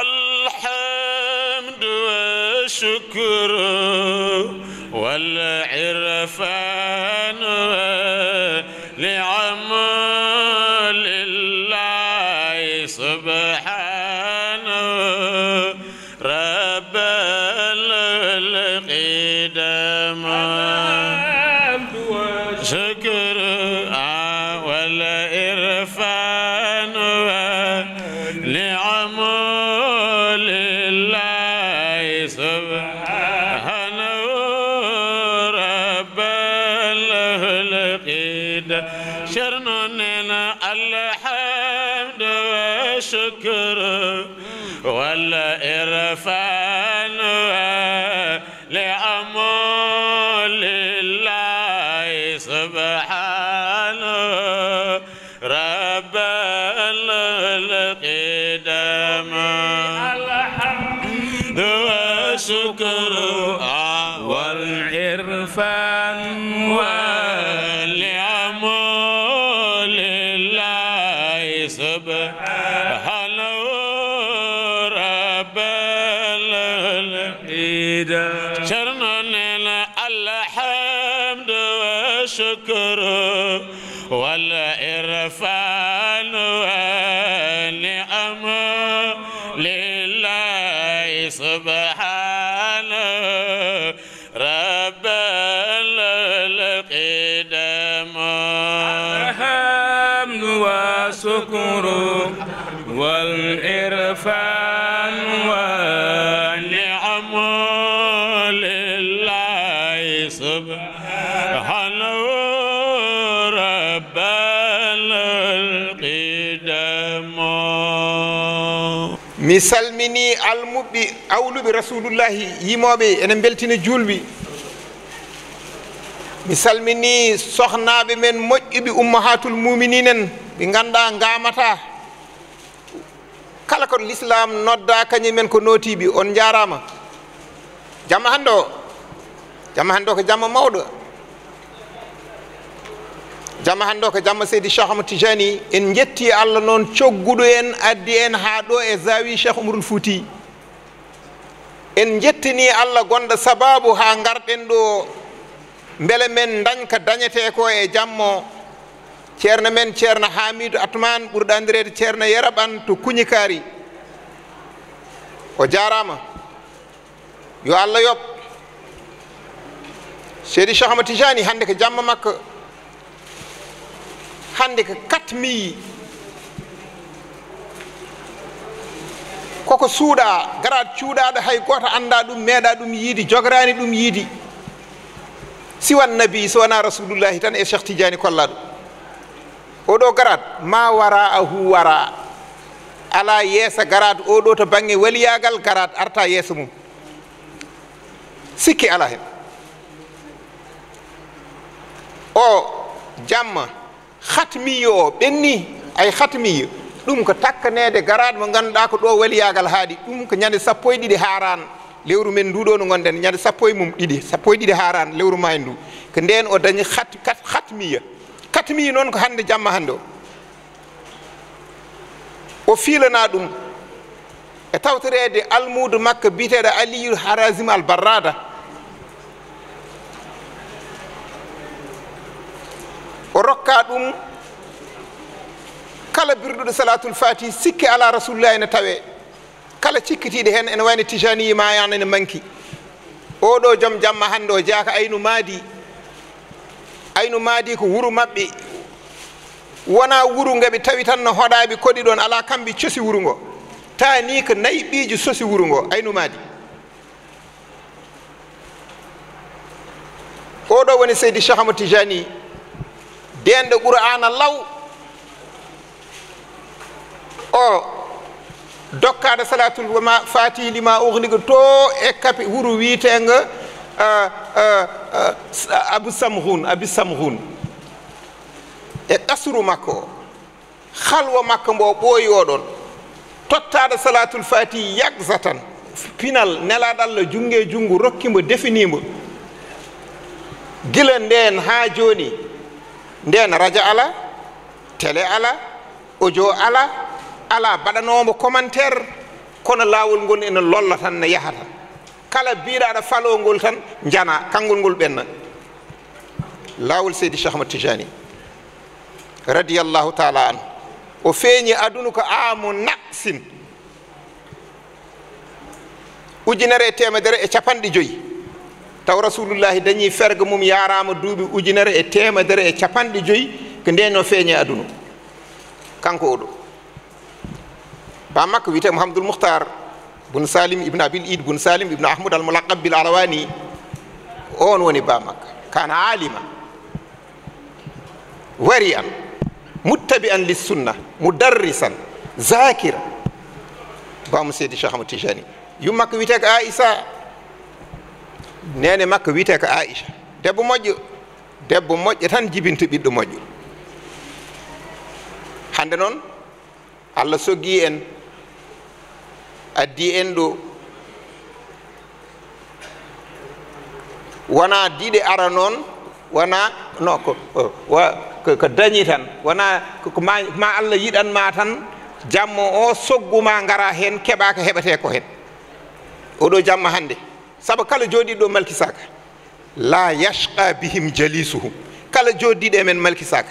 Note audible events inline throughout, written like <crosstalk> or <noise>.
الحمد والشكر والعرفان mi salmini almuɓɓi awluɓe rasulullahi yimoɓe enen beltini julɓi mi salmini sohnaɓe men moƴƴuɓe ummahatul muminine en ɓe ganduɗa ngamata kala ko l'islam nodda kañumen ko notiɓe on jarama jama hande o jama hande o ko jama mawɗo jamma hannde o ko jamma seydi cheikh amadou tijani en jetti e allah noon cogguɗo en addi en haa ɗo e zawi cheikh omarul fouti en jettini allah gonɗo sababu haa ngarɗen ɗo mbele men dañka dañete ko e jammo ceerno men ceerno hamidou atmane ɓurɗandirede ceerno yeraɓan to kuñikaari o jarama yo allah yoɓ seydi cheikh amadou tijani hannde ko jamma makko hande ko qat mille koko suuɗa garaɗ cuuɗaɗo hay goto anda ɗum meeɗa ɗum yiidi jograni ɗum yiidi siwan nabi siwana rasulullahi tan e cheikh tidiani kolla ɗum oɗo garat ma wara ahu wara ala yeesa garat oɗo to bangge waliyagal garat arta yeeso mum sikki ala hen o jamma hatmiyo o ɓenni ay hatmiyo ɗum ko takkanede garade mo ganduɗa ko ɗo waliyagal haaɗi ɗum ko ñande sappo e ɗiɗi haran lewru men nduɗo no gonɗen ñande sappo e mum ɗiɗi sappo e ɗiɗi haran lewru ma e ndu ko nden o dañi hatmiya hatmiya noon ko hande jamma hande o o fiilana ɗum e tawtorede almudo makka biteɗo aliyu harasim al barrada rokka ɗum kala birduɗo salatul fati sikke ala rasulullah ene tawe kala cikkitiɗe hen ene wayno tijani ma ene manki oɗo joom jamma hande o jeeyaka aynu maadi aynu maadi ko wuro mabɓe wona wuro ngeɓe tawi tan no hoɗaɓe koɗi ɗon ala kamɓe cosi wuro ngo ta ni ko nayi ɓiiji sosi wuro ngo aynu maadi oɗo woni seydi chahamou tijani denɗo qur'ana law o dokkade salatul ma fati lima ohligo to e kape wuro witego abou samhun abi samhun e kasuru makko o halwo makko mbo ɓooyi oɗon tottade salatul fati yagza tan pinal nelaɗalla jungge jungu rokkimo definimo gila nden ha joni nden radio ala télé ala audio ala ala baɗanomo commentaire kono lawol ngol ene lolla tan ne yaha tan kala biraɗo falongol tan jana kangol ngol ɓenna lawol seydi chahmat tijani radiallahu taala an o feeñi aduna ko amo naqsin ujunere e temedere e capanɗe joyyi taw rasulullah dañi ferg mum yaarama duubi ujunere e temedere e capanɗe joyyi ko ndeno feeñe aduna kanko oɗo ba makko wiyete mouhamadoul mouhtar bun salim ibne abil id bun salim ibne ahmoud almoulaqab bil alawani on woni ba makka kana alima wari an muttabi an lissunna mudarrisan zakira bamu seydi cheikh ahmad tijani yummakko wiyete ko aissa nene makko wiite ko aicha debbo moƴƴo debbo moƴƴo tan jibinta ɓiɗɗo moƴƴo hande noon allah soggi en addi en ɗo wona diɗe ara noon wona no ko ko dañi tan wona ma allah yiɗanma tan jamma o soggu ma gara hen keeɓa ko heɓete ko hen oɗo jamma hande saabu kala jooɗiɗo malkisaka la yashqa bihim jalisuhum kala jooɗiɗe men malkisaka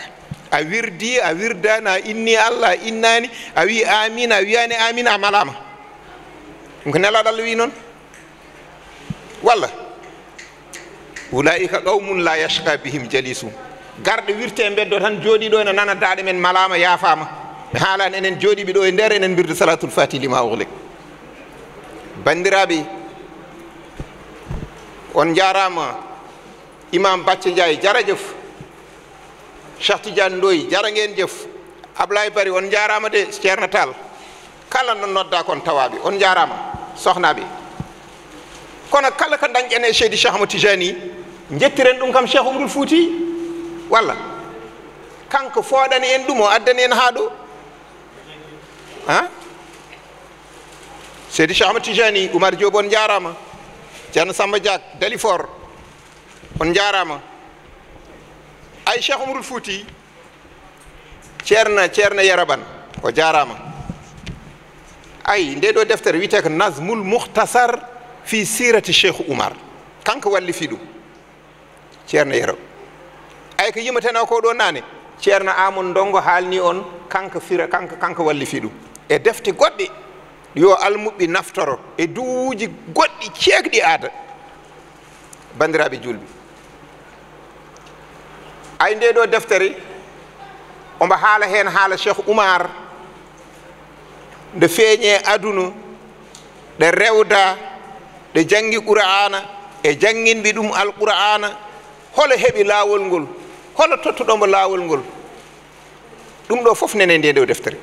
a wirdi a wirdani a inni allah a innani a wi amin a wiyani amin a malama ɗum ko nelaɗo allah wi noon walla ulaika qawmum la yashqa bihim jalisuhum garɗo wirte beddo tan jooɗiɗo ene nana daɗe men malama yaafama mi haalani enen jooɗiɓe ɗo e nder enen mbirde salatul fatilima ohlik bandiraɓe on jaarama imam bacci ndiaye jara jëf cheikh tidiane ndoy jara ngeen jëf ablaye bari on jaarama de ceerno tall kala no nodda kon tawabi on soxna bi kono kala ko ene cheikh di cheikh tijani jettiren dum kam cheikh umrul fouti walla kanko fooɗani en ɗum o addani en haa ha cheikh tijani oumar jobon jaarama ceerno samba diag dalifor on jarama ay cheikh umarul fouti cierna cierna yaraban ko jaarama ay nde ɗo deftere wiyete ko nasmul mouhtasar fi sirati cheikhu oumar kanko fi ɗum ceerno yero ay ko yimatena ko ɗo nane ceerno amon dongo haalni on kanko fira kanko kanko fi ɗum e defte goɗɗe yo almuɓɓi naftoro e duuji goɗɗi ceekɗi aada bandiraɓe julɓi ay nde ɗo deftere omba haala hen haala cheikh oumar nde feeñe aduna ɗe rewda ɗe janggi qur'ana e janginɓi ɗum alqur'ana holo heɓi laawol ngol holo tottuɗomo laawol ngol ɗum ɗo fof nene nde ɗo deftere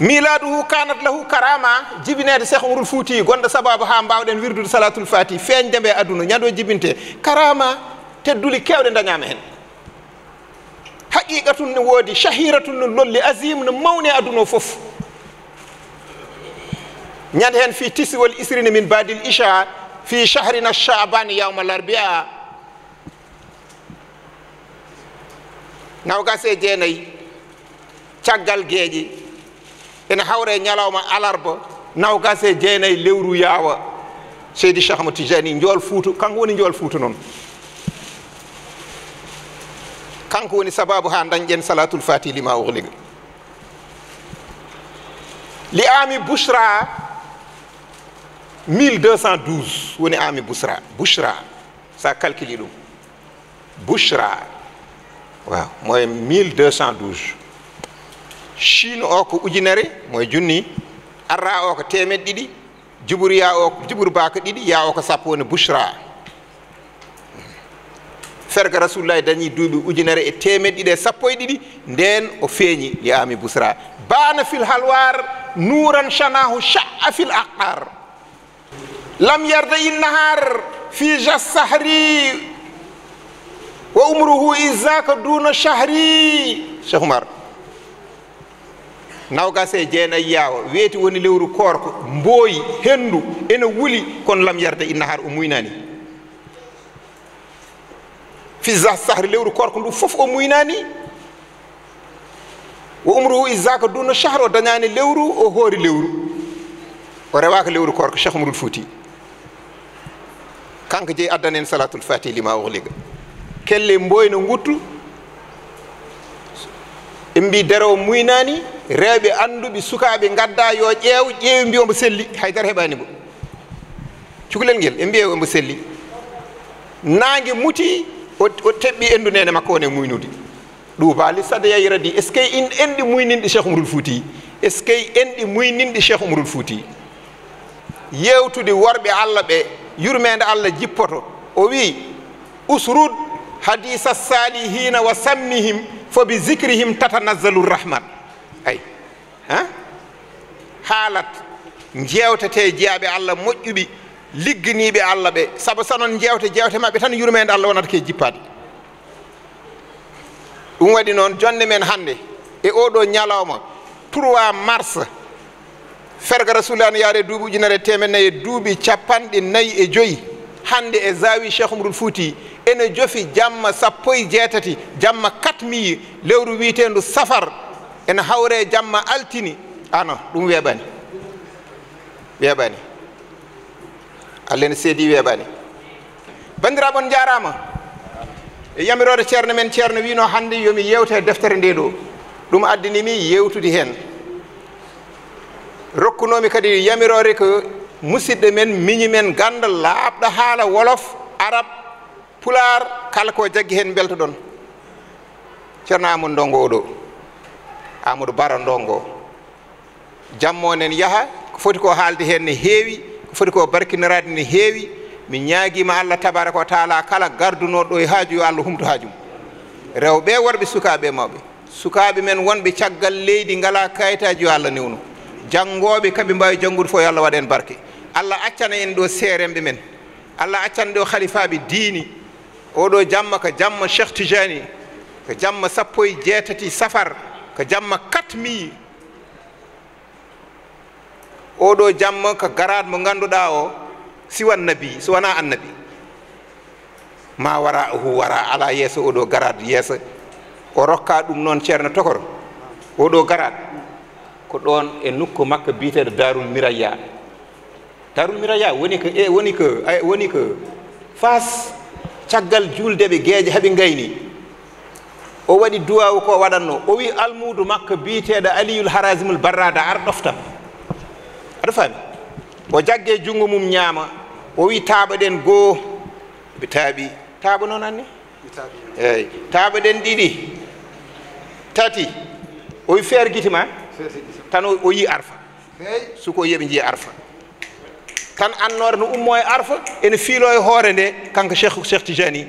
miladuhu kanat lahu karama jibinede cheikh omarul fouti gonɗo sababu ha mbawɗen wirdude salatul fati feeñ ndeɓe aduna ñando jibinte karama tedduli kewɗe dañama hen haqiqa tun ne woodi sahiratu no lolli asim no mawni aduna o foof ñande hen fi tisiwol isrine min badil isha fi shahrina shaban yawma larbia nawgase jeenayi caggal gueeƴi ene hawre e ñalawma alarba nawgas e jeenayi lewru yaawa seydi chahma tijani njool fuutu kanko woni njool fuutu noon kanko woni sababu ha dañƴen salatul fatili ma ohliga li ami bouchra 1212 woni ami bouchra bouchra sa calcule ɗum bouchra waaw mooy 1212 chine o ko ujunere junni arra o ko temed ɗiɗi jubur ya ɗiɗi ya sappo woni bouchra ferga rasulullahi dañi duuɓi ujunere e temed e sappo e ɗiɗi nden o feeñi li ami bousra fil halwar nuran chanahu sha'a fil aqar lam yarda innahar fi jasahri wa umruhu isaka duna chahri nawgas e jeenayi yaawa weeti woni lewru koorko mbooyi henndu ene wuli kono lamyarde inna har o muynani fisa sahri lewru koorko ndu fof o muynani wo umrohu isaka duno sahre o dañani lewru o hoori lewru o rewaka lewru koorko cheikh mourul fouti kanko jeeyi addan en salatul fatih lima ohliga kelle mboyno guttu en mbi derewo muynani rewɓe anduɓe sukaɓe gadda yo ƴeew ƴeewi mbi omo selli haydara heɓani go cukalel ngel en mbi e omo selli nangue muti o teɓɓi endu nene makko one muynude ɗubali sade yayira di est ce que in enɗi muyninɗe cheikh umarul fouti est ce que enɗi muyninɗe cheikh umarul fouti yewtude worɓe allah ɓe yurmede allah jippoto o wi usrud hadisa saalihina wa sammihim fo bi zicrihim tatanazalu rahman ay ha haalat jewtete jeeyaɓe allah moƴƴuɓi ligginiɓe allah ɓe saabu sanon jewte jewte mabɓe tan yurmede allah wonata ke jippade ɗum waɗi noon jonde men hannde e oɗo ñalawma trois mars ferga rasulullah no yaare duuɓi ujunare temennayi e duuɓi capanɗe nayyi e joyi hannde e zawi cheikh umrul fouti ene jofi jamma sappo e jeetati jamma quatre mille lewru wiiteendu safar ene hawre jamma altini ano ɗum weeɓani weeɓani allah ne seedi weeɓani banndiraaɓe on jaaraama e yamiroode ceerno men ceerno wiino hannde yomi yewte e deftere nde ɗo ɗum addanimi yewtude heen rokkunoomi kadi yamiroore ko musidɗo men miñi men gannda laaɓɗo haala wolof arabe pular kala ko jaggi hen belto ɗon ceerno amadou ndongo oɗo amadou bara ndongo jammonen yaaha ko foti ko haalde hen ne heewi ko foti ko barkinirade ne heewi mi ñaaguima allah tabaraka wa taala kala gardunoɗo e haaju yo allah humto haaju rewɓe worɓe sukaɓe e mawɓe sukaɓe men wonɓe caggal leydi ngala kayitaji yo allah newnu janggoɓe kamɓe mbawi janggude fo yo allah waɗa hen barke allah accana en ɗo seeremɓe men allah accana ɗo khalifaɓe diini oɗo jamma ko jamma cheikh tijani ko jamma sappo e jeetati safar ko jamma quatre mille oɗo jamma ko garat mo ganduɗa o siwan nabi siwana annabi ma wara hu wara ala yeeso oɗo garat yeeso o rokka ɗum noon ceerno tokoro oɗo garat ko ɗon e nokku makko biyeteɗo darul miraya darul miraya woni ko e, woni ko e, woni ko fas caggal julde ɓe geeje haɓe gayni o waɗi duwawu ko waɗatno o wi almudou makka biyeteɗo aliyul harasimul barrada ar ɗoftam aɗa faami o jagge junngo mum ñaama o wi taaɓa ɗen goo ɓe taaɓi taaɓa noon anne eyi taaɓa ɗen ɗiɗi tati o wi feer gitima tan o yi arfa suko yiɓe jiye arfa tan annore no ummo e arfa ene fiilo e hoore nde kanko cheikh cheikh tijani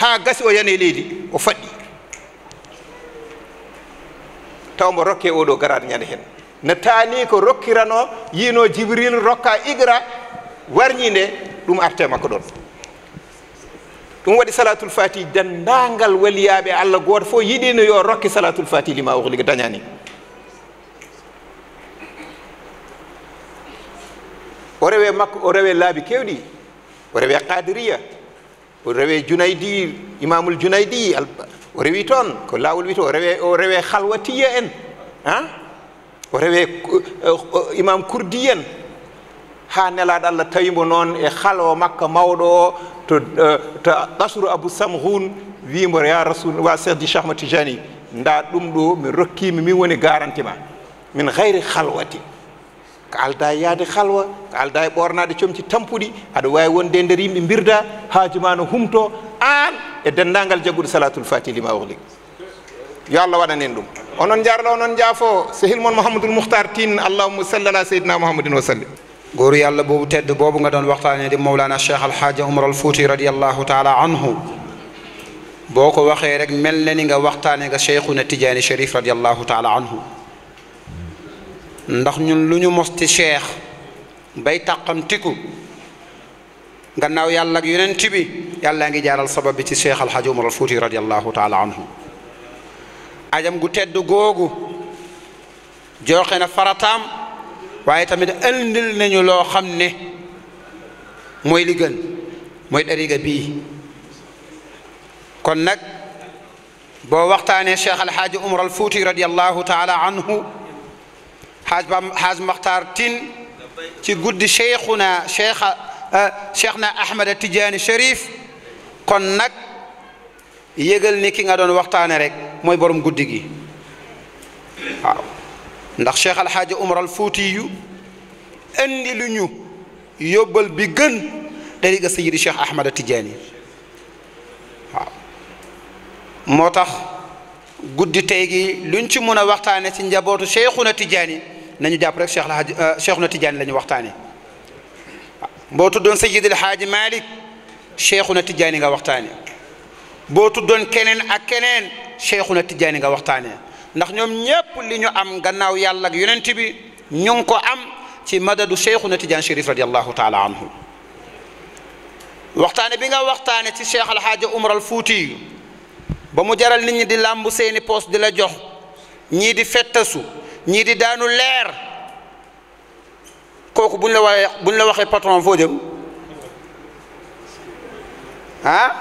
ha gasi o yana e leydi o faɗɗi taw mbo rokke oɗo garade ñande hen no taani ko rokkirano yiino jibril rokka igra warñi nde ɗum arte makko ɗon ɗum waɗi salatul fati dendagal waliyaɓe allah goto fof yiɗino yo rokke salatul fati lima ohliga dañani o rewe makko o rewe laabi kewɗi o rewe qadiriya o rewe junaydi imamul junaydi o rewi toon ko laawol wiyto o rewe o rewe halwatiya en han o rewe imam kurdi en ha nelaɗo allah tawimo noon e halo makka mawɗo o to to asru abou samhun wimo ya rasulwa cheikh di chahma tijani nda ɗum ɗo mi rokkimi min woni garanti ma min hayri halwati ko alda e yaade halwa ko alda e ɓornade comci tampuɗi aɗa wawi wonde e nder yimɓe birda haaju ma no humto an e dendagal jagguɗo salatul fatili maohli yo allah waɗanen ɗum onon jarɗo onon jaafo sehil mon mouhamadoul mouhtar tin allahuma salli ala seydina mouhamadin wa sallim goru yo allah boobu tedde boobu gadon waxtanede mawlana cheikh alhaji umar al fouti radiallahu taala anhu boko waxe rek melne ni nga waxtanega cheikhuna tidiani sherif radiallahu taala anhu ndax ñun lu ñu mos ci cheikh bay tàqamtiku gannaaw yàlla ak yonent bi yàllaa ngi jaaral sabab bi ci cheikh alxaaji umar al fuuti radiallahu taala anhu ajam gu tedd googu joxe na farataam waaye tamit ëndil nañu loo xam ne mooy li gën mooy dariga bii kon nag boo waxtaanee cheikh alxaaji umar al fuuti radiallahu taala anhu حاج حاج مختار تين تي غود شيخنا شيخ شيخنا احمد التجاني شريف كون نك ييغال ني كيغا دون وقتاني رك موي بروم غودي غي waaw ndax cheikh alxaaji umar al fuuti yu indi lu ñu yóbbal bi gën dariga sayidi cheikh ahmad tijaani waaw moo tax guddi tey gi luñ ci mun a waxtaane ci njabootu cheikhuna tijaani nañu jàpp rek Cheikh Alhaji Cheikh na Tidiane lañu waxtane bo tudon tuddoon Sayyid Alhaji malik Cheikh na Tidiane nga waxtane bo tudon kenen ak kenen Cheikh na Tidiane nga waxtane ndax ñom ñépp li ñu am gannaaw yàlla ak yonent bi ñu ko am ci madadu Cheikh na Tidiane Chérif radiyallahu taala anhu waxtane bi nga waxtane ci Cheikh Alhaji Umar al Fuuti ba mu jaral nit ñi di làmb seeni poste di la jox ñi di fetassu ñi di daanu leer koku buñ la waxe buñ la waxe patron fo dem ha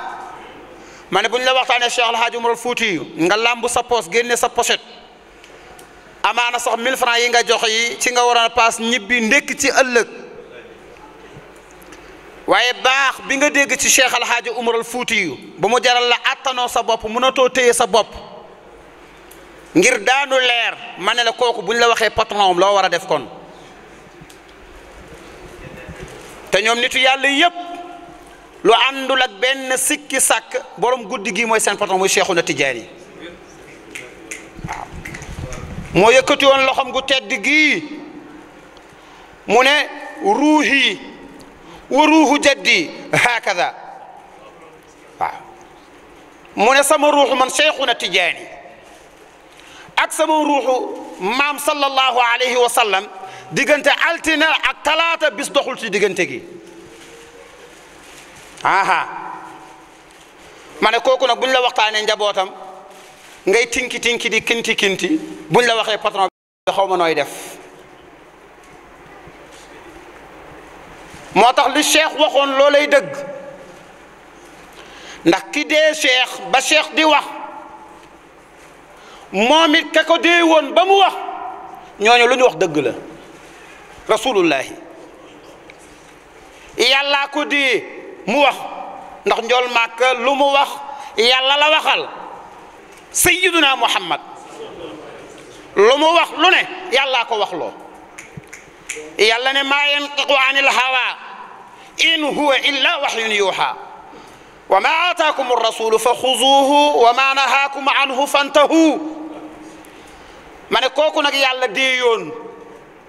mané buñ la waxtane Cheikh al hadji mourou Fouti nga làmb sa poos génne sa pochette amana sax 1000 francs yi nga jox yi ci nga wara pass paas ñibbi ndékk ci ëlëk waye baax bi nga dégg ci Cheikh El Hadj Oumar Fouti bu mu jaral la attanoo sa bop bopp to téye sa bop ngir daanu leer ma ne la kooku bu la waxe patron lo wara def kon te ñom nitu yàlla yëpp lu àndul ak ben sikki sak borom guddigi moy sen patron moy cheikhou Tijaan yi waaw moo yëkkati woon gu tedd gi mune ruhi wa ruhu jaddi hakaza waaw mu sama ruhu man cheikhou Tijaan yi ak sama ruuxu maam sallallahu alayhi wa sallam diggante altina ak talata bis doxul ci diggante gi aha mané koku nak buñ la waxtane njabotam ngay tinki tinki di kinti kinti buñ la waxé patron xawma noy def motax li cheikh waxoon lolay deug ndax ki dé cheikh ba cheikh di wax momit kako ka won dee wax ñoñu luñu wax deug la rasulullah yalla ko di mu wax ndax ndol mak lu mu wax yàlla la waxal sayyiduna muhammad lu mu wax lu ne yalla ko wax lo yàlla ne maa yantiqu anil hawa in huwa illa wahyun yuha wa ma aataakum arrasulu fa xuzuuhu wa ma nahaakum anhu fantahu mané koku nak yàlla dé yoon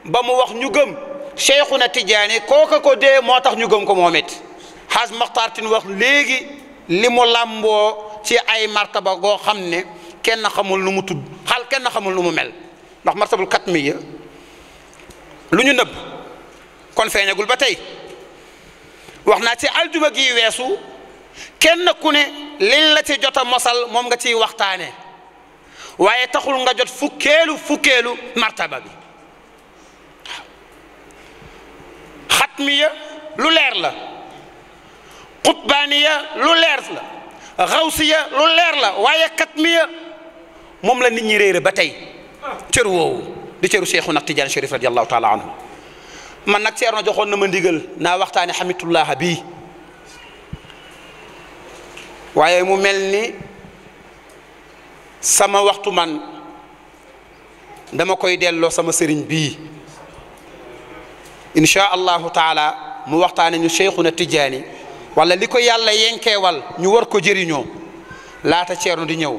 ba mu wax ñu gëm Cheikhuna Tidiane koku ko dé moo tax ñu gëm ko momit haz xaas tin wax légui limu lambo ci ay martaba go xamné kenn xamul nu mu tudd xal kenn xamul nu mu mel ndax martabul kat mi lu ñu nëbb kon feñagul ba tey wax ci aljuma gi wessu kenn ku ne liñ la ci jot mosal mom nga ci waxtane waye taxul nga jot fukelu fukelu martaba bi khatmiya lu leer la qutbaniya lu leer la xawsiya lu leer la waye katmiya mom la nit ñi réere ba tay cër woowu di cëru seexu nag tijaan sharif radiallahu taala anhu man nak seer joxon na ma ndigal na waxtani hamidullah bi waye mu melni sama waxtu man dama koy delo sama serigne bi insha allah taala mu waxtane ñu cheikhuna tijani wala liko yalla yenke wal ñu war ko jeriño lata ceerno di ñëw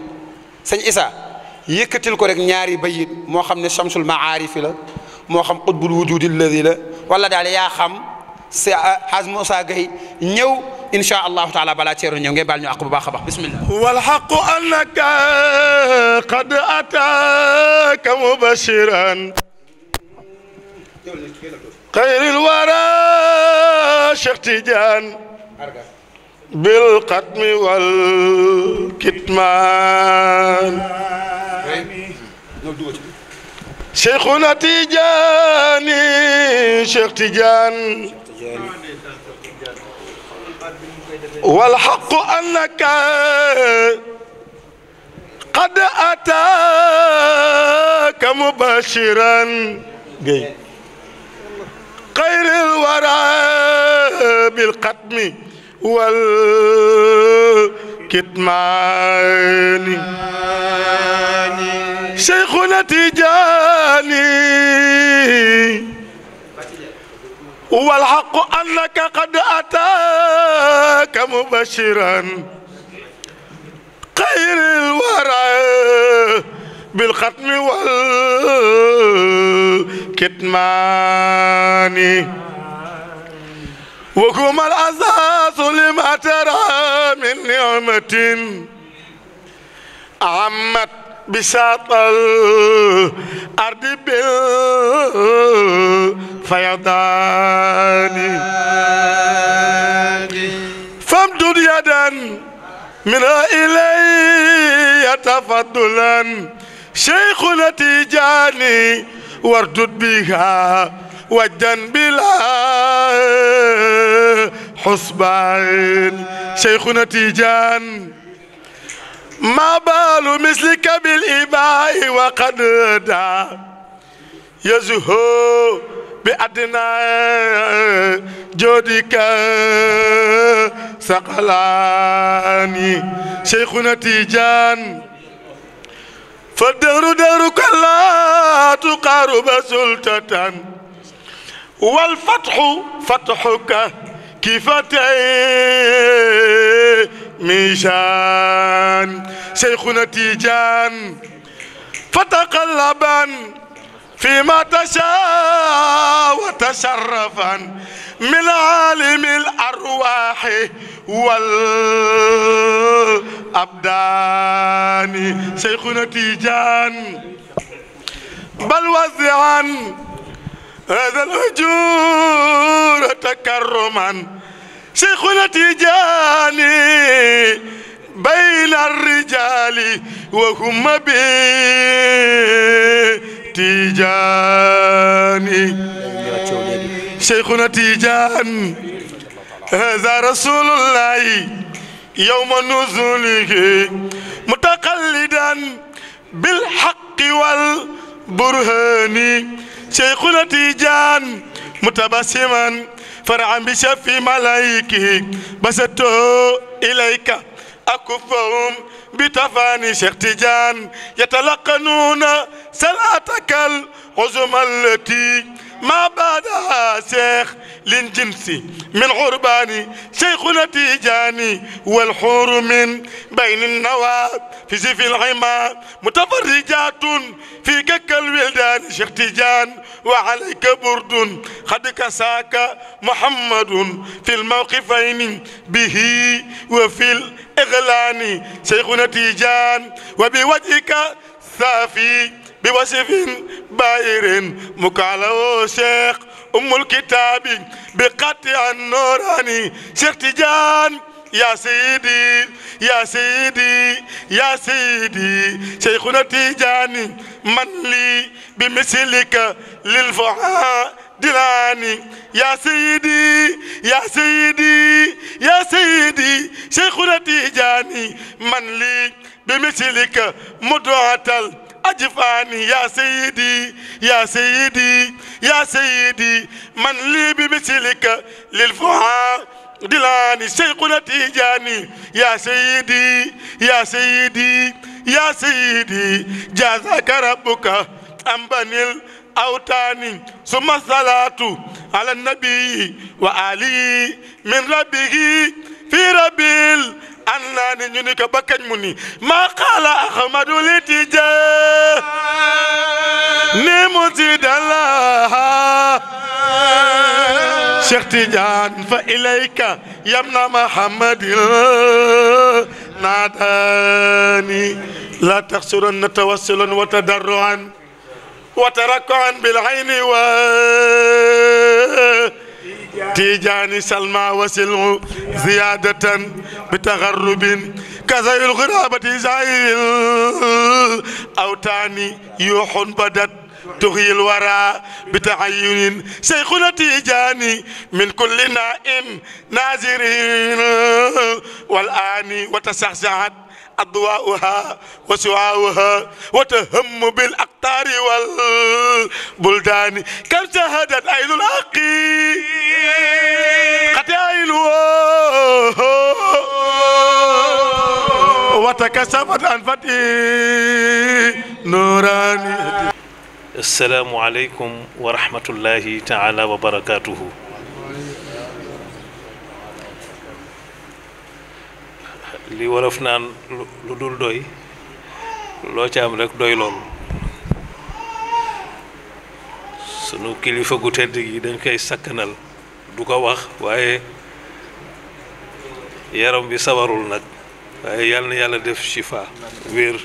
sëñ isa yëkkatil ko rek ñaari bayit mo xamne shamsul ma'arif la mo xam qutbul wujudi alladi la wala dal ya xam Hadj Moussa Gueye ñëw incha allahu taala balaa ceeru ñëw ngeen baal ñu àq bu baax a baax bismillah wal haqqu annaka qad ataaka mubashiran xayril wara Cheikh Tidiane bil xatmi wal kitmaan Cheikhuna Tidiane Cheikh Tidiane والحق أنك قد أتاك مباشرا خير الورى بالقتم والكتمان شيخنا تجاني والحق أنك قد أتاك مبشرا خير الورع بالختم والكتمان وكما الأساس لما ترى من نعمة عمت بساط الأرض بالفيضان فامدد يدا من إلي تفضلا شيخ نتيجاني واردد بها وجدا بلا حسبان شيخ نتيجان ما بال مثلك بالإباء وقد دا يزهو بأدنى جودك سقلاني شيخنا تيجان فالدهر دهرك لا تقارب سلطة والفتح فتحك كفتين ميشان شيخنا تيجان فتقلبا فيما تشاء وتشرفا من عالم الأرواح والأبدان شيخنا تيجان بل وزعا هذا الهجور تكرما شيخنا تجاني بين الرجال وهم بي تجاني شيخنا تجان هذا رسول الله يوم نزوله متقلدا بالحق والبرهان شيخنا تجان متبسما فرعا بشفي ملائكه بسطوا إليك أكفهم بتفاني شيخ تيجان يتلقنون صلاتك العظمى التي ما بعدها شيخ للجنس من غرباني شيخنا تيجاني والحور من بين النواب في سيف العمى متفرجات في كك الولدان شيخ تيجان وعليك برد قد كساك محمد في الموقفين به وفي الاغلان شيخنا وتيجان وبوجهك صافي بوصف بائر مكاله شيخ أم الكتاب بقطع النوراني شيخ تيجان يا سيدي يا سيدي يا سيدي شيخنا تيجاني من لي بمثلك للفعاء دلاني يا سيدي يا سيدي يا سيدي شيخنا تيجاني من لي بمثلك مدعتل أجفاني يا سيدي يا سيدي يا سيدي من لي بمثلك للفعال دلاني شيخنا تيجاني يا سيدي يا سيدي يا سيدي جازاك ربك أم بني اوتاني ثم الصلاه على النبي وعلي من ربه في ربيل انان نيونيكا بكاج موني ما قال احمد لتجا نمزيد الله شيخ تيجان فاليك يمنى محمد ناداني لا تخسرن توسلا وتدرعا وتركعا بالعين و تيجاني سلمى وسلم زيادة بتغرب كزي الغرابة زي تاني يوح بدت تغي الورى بتعين شيخنا تيجاني من كل نائم نازرين والآن وتسحزعت أضواؤها وسواؤها وتهم بالأقطار والبلدان كم شهدت عين الأقي قد قتائله وتكسبت عن فتح نوراني السلام عليكم ورحمة الله تعالى وبركاته li wolof naan lu dul doy loo ca am doy loolu sunu kilifa gu tedd gi dañ koy sakkanal du ko wax waaye yaram bi sawarul nag waaye yàlla na yàlla def shifa wér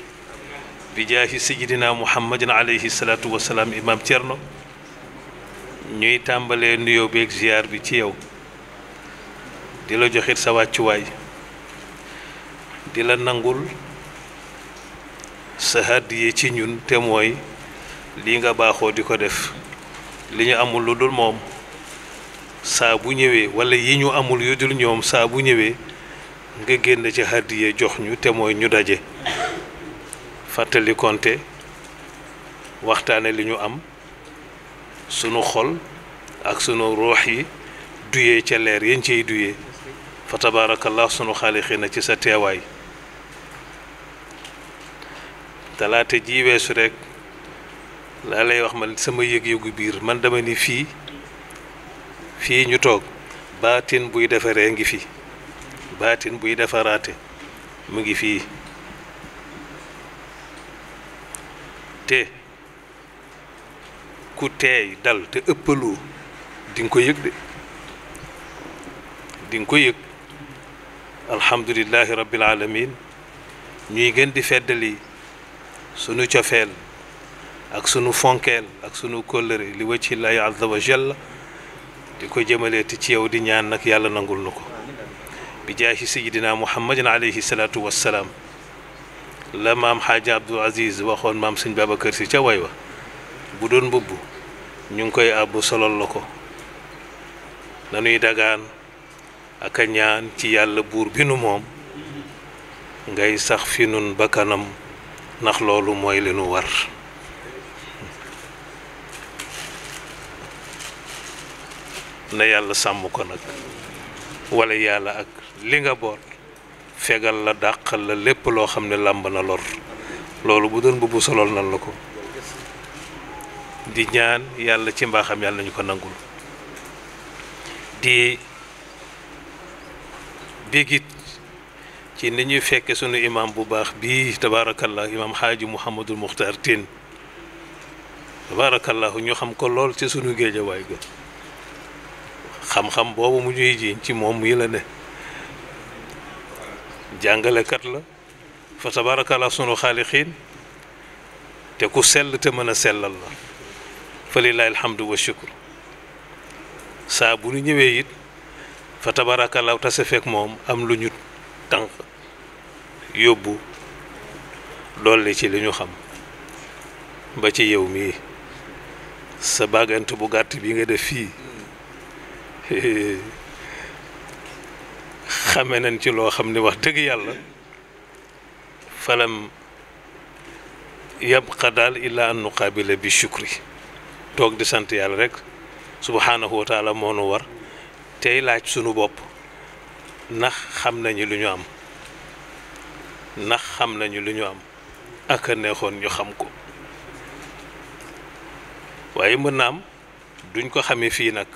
bi jaahi sayidina muhammadin aleyhi salaatu wasalaam imam Thierno ñuy tàmbalee nuyoo beeg ziar bi ci yow di la joxit sa wàccuwaay di la nangul sa hadiye ci ñun te mooy lii nga baaxoo di ko def li ñu amul lu dul moom saa bu ñëwee walla yi ñu amul yu dul ñoom saa bu ñëwee nga génn ci hadiye jox ñu te mooy ñu daje fàttali konte waxtaane li ñu am sunu xol ak sunu ruux yi duyee ca leer yéen ciy duyee fa tabaarakallah sunu na ci sa teewaay talaate ji weesu rekk laa lay wax ma sama yëg-yëgu biir man dama ni fii fii ñu toog baatin buy defaree ngi fi baatin buy defaraate mu ngi fii te ku teey dal te ëppaloo di ko yëg de di ko yëg alhamdulilahi rabbil alamin ñuy gën di feddali sunu cofeel ak sunu fonkeel ak sunu kóllëre li wacci laahi azza wa di ko jëmaleeti ci yow di ñaan nag yàlla nangul nu ko bi jaahi sayidina muhammadin alayhi salaatu wassalaam la maam xaaji abdul aziz waxoon maam sëñ babacar si ca way wa bu doon mbubb ñu ngi koy àbbu solol la ko nanuy dagaan ak a ñaan ci yàlla buur bi nu moom ngay sax fi nun bakkanam ndax loolu mooy li war na yàlla sàmm ko nag wala yàlla ak li nga boot fegal la dàqal la lépp loo xam ne làmb na lor loolu bu doon bubbu solool nan la ko di ñaan yàlla ci mbaaxam yàlla nañu ko nangul di bégit ci ni ñuy fekke sunu imam bu baax bi tabarakallah imam haji muhammad al mukhtar tin tabarakallah ñu xam ko lol ci sunu way ga xam-xam bobu mu ñuy jiiñ ci mom yi la ne jangale kat la fa tabarakallah sunu khaliqin te ku sel te meuna selal la fa lillahi alhamdu wa shukr sa bu ñu ñewé yit fa tabaarakallahu tase fekk moom am lu ñu tànk yóbbu dolli ci li ñu xam ba ci yow mii sa bàggante bu gàtt bi nga def fii <laughs> xame nañ ci loo xam ne wax dëgg yàlla falam yabqa daal illaa an nuqaabila bi shukri toog di sant yàlla rek subhaanahu wa taala moo nu war tey laaj sunu bopp ndax xam nañu lu ñu am ndax xam nañu lu ñu am ak a neexoon ñu xam ko waaye mën na am duñ ko xamee fii nag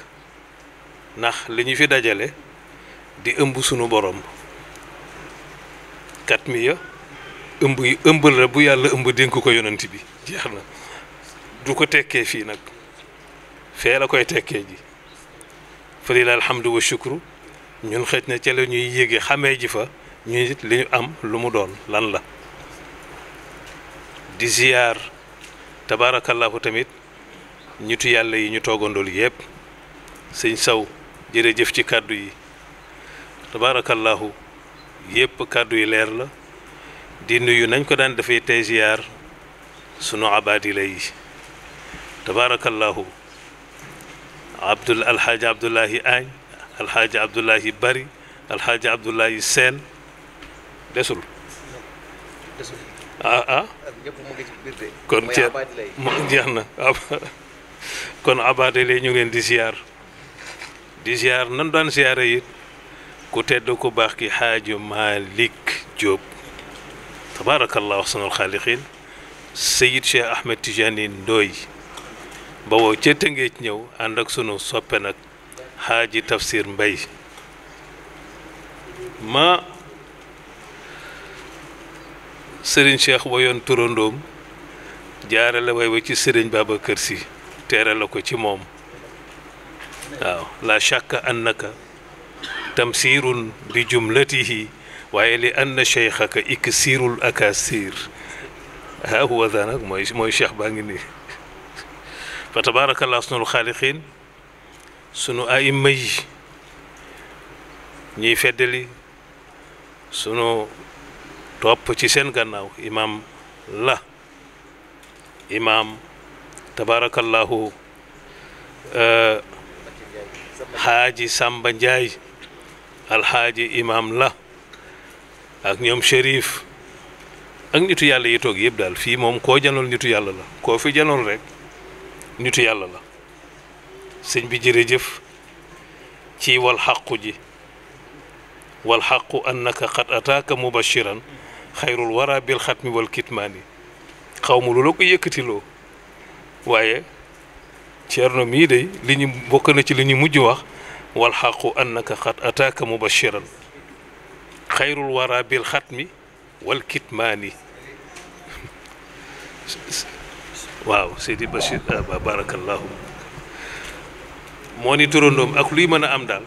ndax li ñu fi dajale di ëmb sunu borom kat mi ya ëmb yi ëmbal la bu yàlla ëmb dénk ko yonent bi jeex na du ko tekkee fii nag fee la koy tekkee ji fa lilahi alhamdu wa shukru ñun xëj na ca la ñuy yéege xamee ji fa نيت لي ام لو مو دون لان لا دي زيار تبارك الله تاميت نيتو يالا يي ني توغوندول ييب سيغ ساو جيري جيف تي كادو يي تبارك الله ييب كادو يي لير لا دي نيو نانكو دان دافاي تي زيار سونو عبادي لي تبارك الله عبد الحاج عبد الله اي الحاج عبد الله بري الحاج عبد الله سين desul. Ah, ah. kon jeex na kon abaate lay ñu ngeen di ziar di ziar nan daan ziare it ku tedd ku baax ki xaaju Malick Diop tabaarakallahu ahsanul xaaliqiin Seyid Cheikh Ahmed Tijani Ndoy ba ca Tëngéej ñëw ànd ak sunu soppe nag xaaji Tafsir Mbay ma. sëriñ Cheikh woyoon turandoom jaarale way wa ci sëriñ Babacar Sy teerale ci moom waaw la shakka annaka tamsirun bi jumlatihi waaye li anna cheikhaka ik siirul akasir ha huwa da nag mooy cheikh baa ngi fa tabaarakallah sunul xaaliqin sunu aima yi ñuy sunu top ci sen gannaaw imam la imam tabarakallah euh haji Samba al haji imam la ak ñom sherif ak nitu yàlla yi tok yeb dal fi mom ko janool nitu yàlla la ko fi janool rek nitu yàlla la sëñ bi jere jef ci wal haqu ji wal xaqu annaka qad ataaka mubashiran xayrul wara bil xatmi wal kitmaani xaw ma lu la ko yëkkatiloo waaye ceerno mii day li ñu bokk na ci li ñu mujj wax wal xaqu annaka xat ataaka mubashiran xayrul wara bil xatmi wal kitmaani waaw Seydi Bachir ba barakallahu moo ni turandoom ak luy mën a am daal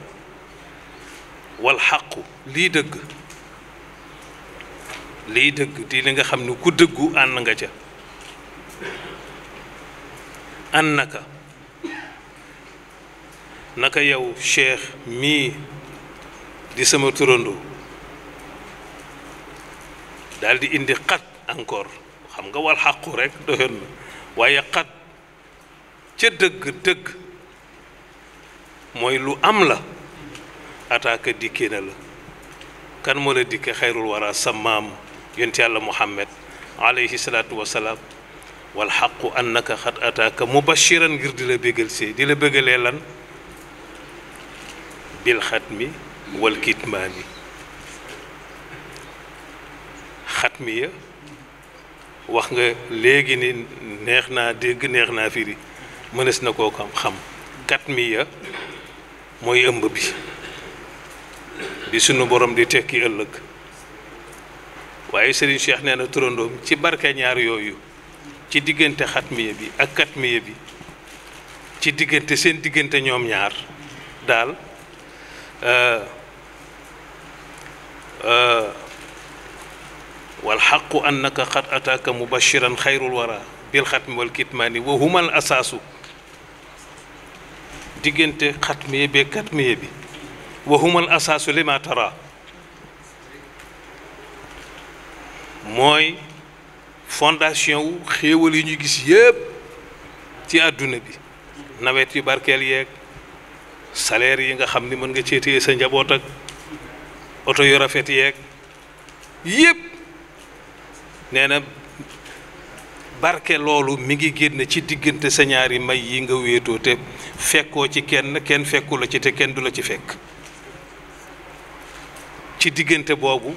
wal xaqu lii dëgg li deug di li nga xamni ku deggu an nga ca annaka naka yow cheikh mi di sama turando dal di indi khat encore xam nga wal xàqu rek doyoon na waaye xat ca deug dëgg lu am la ataka dikena la kan mo la dikke khairul wara samam ينتي الله محمد عليه الصلاه والسلام والحق انك قد اتاك مبشرا غير دي لا سي دي لا لان بالختم والكتمان ختمي واخا لغي ني نيهنا ديغ نيهنا فيري منس نكو كام خم كاتمي موي امبي بي سونو بروم دي تيكي الك waye Serigne Cheikh nee na ci barke ñaar yoyu ci digeunte khatmiye bi ak katmiye bi ci digeunte sen digeunte ñom ñaar dal euh euh wal haqq annaka qad mubashiran wara bil khatm wal kitman wa huma al بالختم digeunte khatmiye be katmiye bi wa huma al الأساس lima tara mooy fondation wu xéewal yi ñu gis yépp ci àdduna bi nawet yu barkeel yeeg salaire yi nga xam ni mën nga cee téye sa njaboot ak oto yu rafet yeeg yépp nee na barke loolu mi ngi génn ci diggante sa ñaari may yi nga wéetoo te fekkoo ci kenn kenn fekku la ci te kenn du la ci fekk ci diggante boobu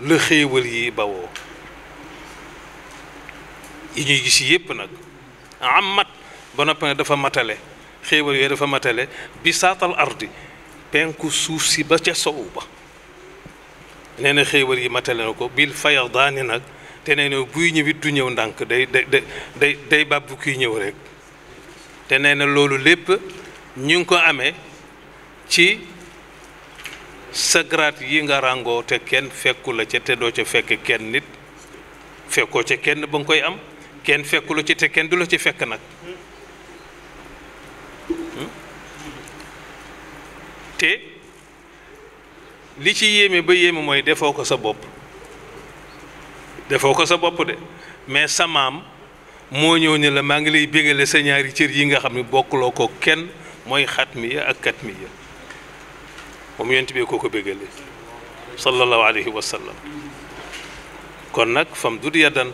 la xéewal yi bawoo yi ñuy gis yépp nag am mat ba noppi ne dafa matale xéewal yooyu dafa matale bi saatal ardi penku suuf si ba ca sowu ba nee na xéewal yi matale na ko bil fayadaani nag te nee na buy ñëwit du ñëw ndànk day day day day bàbbu kiy ñëw rek te nee na loolu lépp ñu ngi ko amee ci sagraat yi nga ràngoo te kenn fekku la ca te doo ca fekk kenn nit fekkoo ca kenn ba nga koy am kenn fekkulu ci te kenn du la ci fekk nag hmm? te li ci yéeme ba yéeme mooy defoo ko sa bopp defoo ko sa bopp de mais sa maam moo ñëw ne maa ngi lay bégale sa ñaari cër yi nga xam ne bokkuloo ko kenn mooy xatmiya ak katmiya moom yonent bi ko ko bégale sallallahu alayhi wa kon nag fam dut yaddan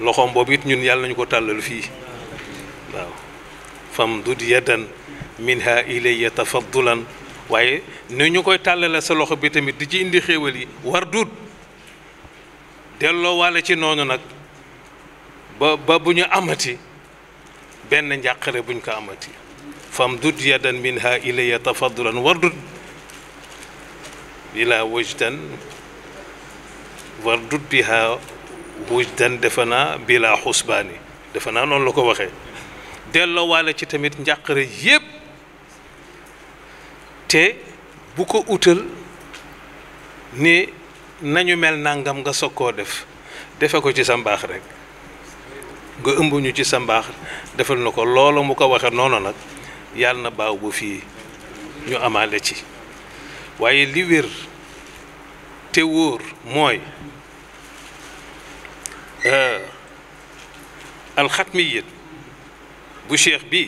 loxo boobu it ñun yàlla nañu ko tàllalu fii waaw fam dud yadan minha ilayya tafaddulan waaye ni ñu koy tàllale sa loxo bi tamit di ci indi xéewal yi war duut delloo waale ci noonu nag ba ba bu ñu amati benn njàqare buñ ko amati fam dud yadan minha ilayya tafaddulan war dut bila wajdan war dut biha buuj dan defe naa bilaa xusbaani defe naa noonu la ko waxe delloowaale ci tamit njàqare yépp te bu ko utal ni nañu mel nangam nga soog koo def defe ko ci sa mbaax rekk nga ëmb ñu ci sa mbaax defal na ko loolu mu ko waxe noonu nag yàlla na baaw bu fii ñu amaale ci waaye li wér te wóor mooy alxatmiyat bu cheikh bi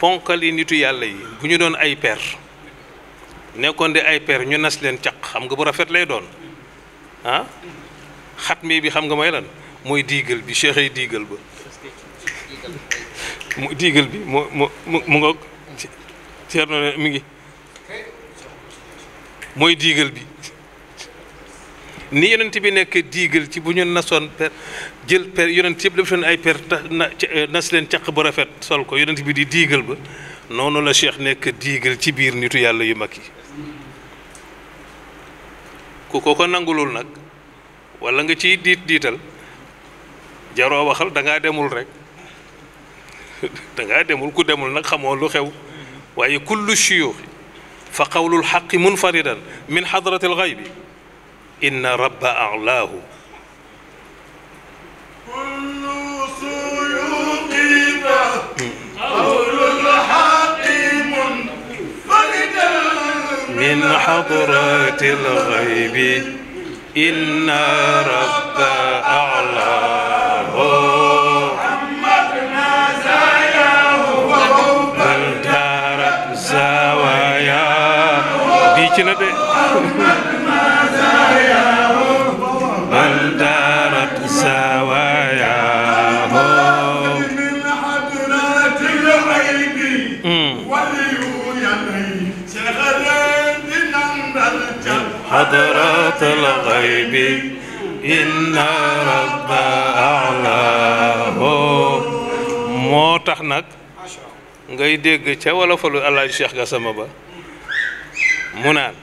ponkali nitu yàlla yi bu ñu doon ay per nekkoon di ay per ñu nas leen caq xam nga bu rafet lay doon ah xatmi bi xam nga mooy lan mooy diigal bi cheikh ay diigal ba mu diigal bi mu mu mu ngoog ceerno mi ngi mooy diigal bi ni yonenti bi nek digel ci buñu nason per jël per yonenti bi defon ay per nas len caq bu rafet sol ko yonenti bi di digel ba nonu la cheikh nek digel ci bir nitu yàlla yu makki ku koko nangulul nak wala nga ci dit ditel jaro waxal da nga demul rek da nga demul ku demul nak xamoo lu xew waye kullu shuyukh fa qawlul xaqi munfaridan min xadratil xaybi إن رب أعلاه كل سيوقنا قول الحق منفردا من حضرة الغيب إن رب أعلاه ci la de حضرة الغيب إن رب أعلاه moo tax nag ngay dégg ca wala falu Alaaji Cheikh sama ba mu naan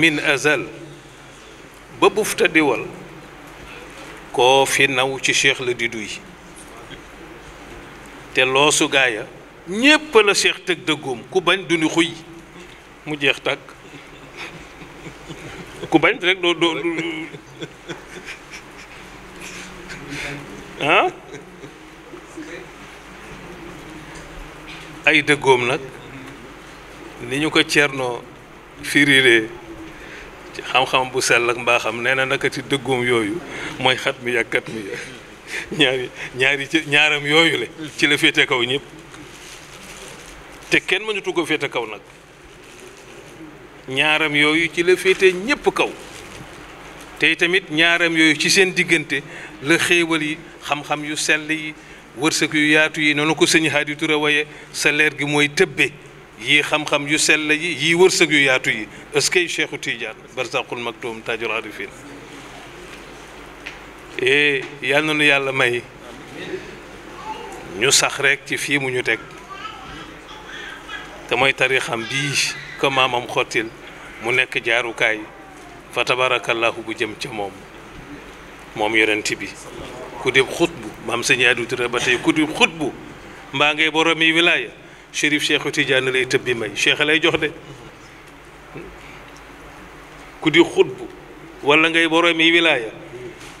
min azal ba bufta diwal koo fi naw ci cheikh la di duy te loosu gaaya ñépp la cheikh tëg dëggoom ku bañ du ni xuy mu jeex tàkk ku bañ rek doo doo ah ay dëggoom nag ni ñu ko ceernoo firiree ci xam-xam bu sell ak mbaaxam nee na naka ci dëggoom yooyu mooy xat mi yàgg mi ñaari ñaari ci ñaaram yooyu le ci la féete kaw ñépp te kenn mënutu ko féete kaw nag ñaaram yooyu ci la féete ñépp kaw tey tamit ñaaram yooyu ci seen diggante la xéewal yi xam-xam yu sell yi wërsëg yu yaatu yi noonu ko sëñ Hadi Touré waye sa leer gi mooy tëbbe yii xam yu sell yi wërsëg yu yaatu yi eskay Cheikhu Tidiane barzaqul maktum taajul arifin e yal na nu yàlla may ñu sax rekk ci fii mu ñu teg te mooy tarixam bii ko maamam xottil mu nekk jaarukaay fa tabarakallahu bu jëm ca moom moom yonent bi ku dib xutbu maam sëñ Adu Ture ba tey ku dib xutbu mbaa ngay boromi wilaaya Chérif Cheikhu Tidiane lay tëbbi may Cheikh lay jox de ku di xutbu wala ngay boromi wilaaya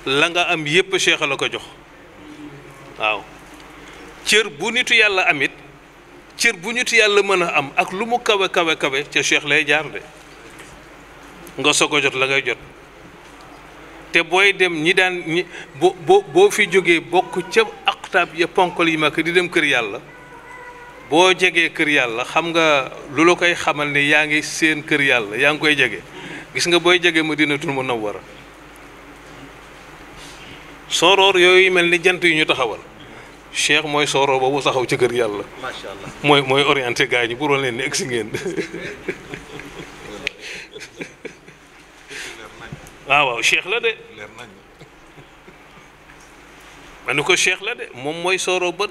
la nga am yépp Cheikh la ko jox waaw cër bu nitu yàlla amit cër bu nit yàlla mën a am ak lu mu kawe kawe kawe ca cheikh lay jaar de nga soog a jot la ngay jot te booy dem ñi daan ñi bo bo boo fi jógee bokk ca aqtaab ya ponkal yi mag di dem kër yàlla boo jegee kër yàlla xam nga lu la koy xamal ne yaa ngi séen kër yàlla yaa ngi koy jege gis nga booy jege Madinatul wara soroor yooyu mel ni jant yu ñu taxawal cheikh mooy sooroo boobu saxaw ca kër yàlla. macha allah mooy mooy orienté gaa ñi bu doon leen ne egsi ngeen. waaw waaw cheikh la de. ma ne ko cheikh la de moom mooy sooroo ba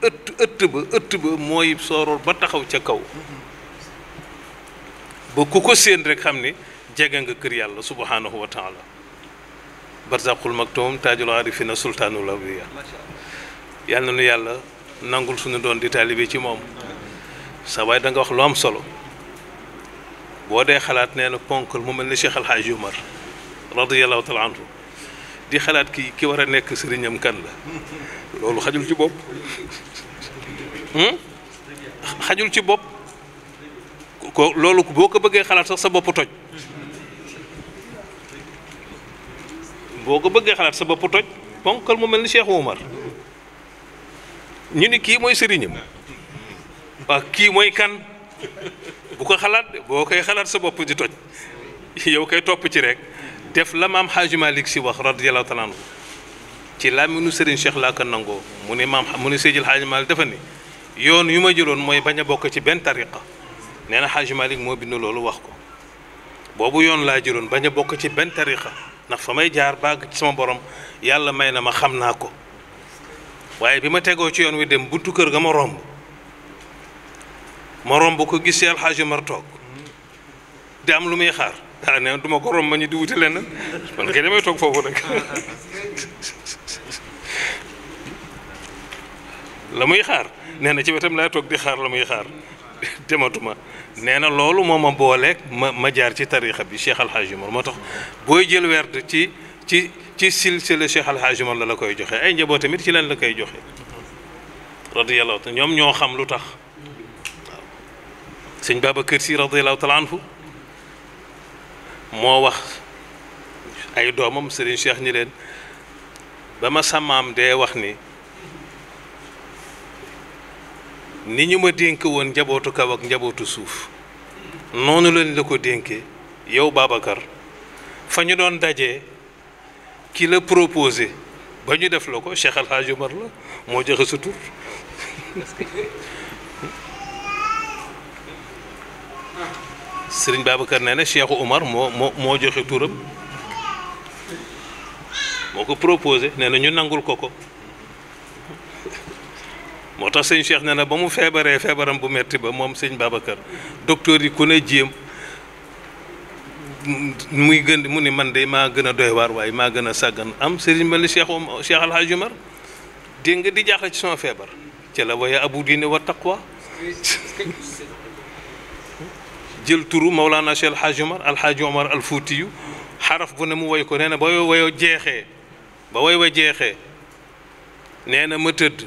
ëtt ëtt ba ëtt ba mooy sooroo ba taxaw ca kaw. ba ku ko séen rek xam ni jege nga kër yàlla subhanahu wa taala barzaqul maktum taajul arifina sultaanul awliya yàlla na nu yàlla nangul suñu doon di taalibe ci moom sa waay da nga wax lu am solo boo dee xalaat nee na ponkal mu mel ni seexal El Hadj Umar radiyallahu taala anhu di xalaat ki ki war a nekk sëriñam kan la loolu xajul ci bopp hmm? xajul ci bopp ko loolu boo ko bëggee xalaat sax sa bopp toj boo ko bëggee xalaat sa bopp toj ponkal mu mel ni Cheikh Umar ñu ni kii mooy sëriñam waaw kii mooy kan bu ko xalaat boo koy xalaat sa bopp di toj yow koy topp ci rek def la maam Xaaji Malik Si wax radiyallahu taala anhu ci sëriñ Cheikh laa nangoo mu ne maam mu ne Seydil yoon yu ma jëloon mooy bañ a bokk ci benn nee na Xaaji moo bind loolu wax ko yoon laa jëloon bañ a bokk ci benn ndax fa may jaar baag borom yàlla may na ma xam naa ko waaye bi ma tegoo ci yoon wi dem buntu kër nga ma romb ma romb ko gisee alxaaji Omar toog di am lu muy xaar ah nee ma ko romb ma ñu di wuti lenn toog foofu nag <laughs> la muy xaar nee na ci wetam laa toog di xaar la muy xaar <laughs> dematuma nee na loolu moo ma booleeg ma ma jaar ci tariixa bi Cheikh Alxaaji Omar moo tax booy jël werd ci. ci ci silsila Cheikh Al Hadj la la koy joxe ay njaboot tamit ci leen la koy joxe radiyallahu taala ñoom ñoo xam lu tax waaw sëñ Babacar Si radiyallahu taala anhu moo wax ay doomam Serigne Cheikh ni leen ba ma sàmmaam dee wax ni ni ñu ma dénk woon njabootu kaw ak njabootu suuf noonu leen la ko dénkee yow Babacar fa ñu doon dajee ki la proposé ba ñu def la ko Cheikh El Hadj la moo joxe sa tur Sëriñ Babacar nee na Cheikh Omar moo moo moo joxe turam moo ko proposé nee na ñu nangul ko ko moo tax sëñ Cheikh ne na ba mu feebaree feebaram bu metti ba moom sëñ Babacar docteur yi ku ne jéem. muy gën mu ni man de ma gëna doy war way ma gëna sagan am serigne mel ni Cheikh Cheikh Al Hadj Umar dégg nga di jaaxle ci son febar ci la waya abu diine wa taqwa jël turu Mawlana Cheikh Al Hadj Umar Al Hadj Umar Al Fuutiyu xaraf bu ne mu way ko neena ba way way jexé ba way way jexé neena ma teud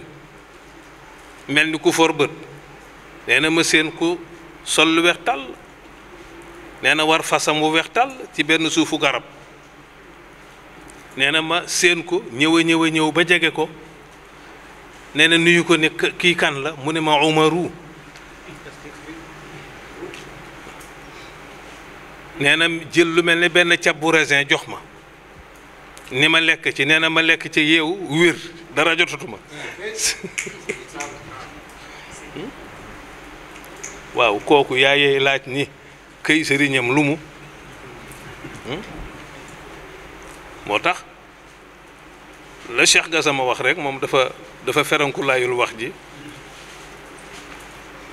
melni ku for bët nee ma seen ku sol wextal nee na war fasam wu weex tàll ci benn suufu garab nee na ma séen ko ñëw a ñëw a ñëw ba jege ko nee na nuyu ko ne kii kan la mu ne ma umaru nee na jël lu mel ne benn cab bu raisin jox ma ni ma lekk ci nee na ma lekk ci yeewu wér dara jotatuma <laughs> hmm? waaw kooku yaayee laaj ni këy sëriñam lu mu hmm? moo tax la Cheikh sama wax rek moom dafa dafa feranku laayul wax ji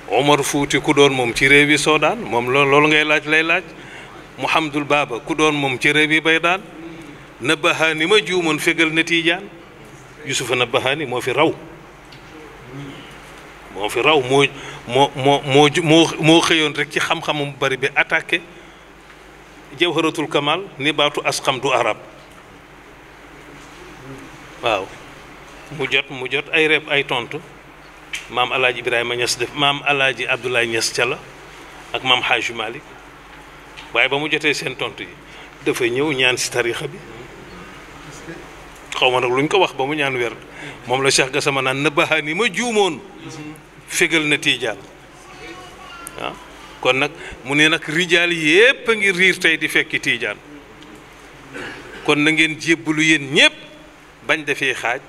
Omar Fuuti ku doon moom ci réew yi soo daan moom loolu ngay laaj lay laaj mu Mouhamadul Baba ku doon moom ci réew yi bay daan na bahaani ma juumoon fégal na tiijaan Yusufa na bahaani moo fi raw moo fi raw moo moo moo moo moo moo xëyoon rek ci xam mu bari bi attaqué jawharatul kamal ni baatu askam du arab waaw mu jot mu jot ay rep ay tontu maam alaaji ibrahima ñes def maam alaaji abdoulaye ñes ca la ak maam xaaju malik waaye ba mu jotee seen tontu yi dafa ñëw ñaan si tarixa bi xaw ma nag luñ ko wax ba mu ñaan weer moom la Cheikh Gassama na bahaan yi ma juumoon fégal na tiijaan ah, kon nag mu ne nag rijaal yépp a ngi riir tey di fekki tiijaan kon na ngeen jébbalu yéen ñépp bañ dafay xaaj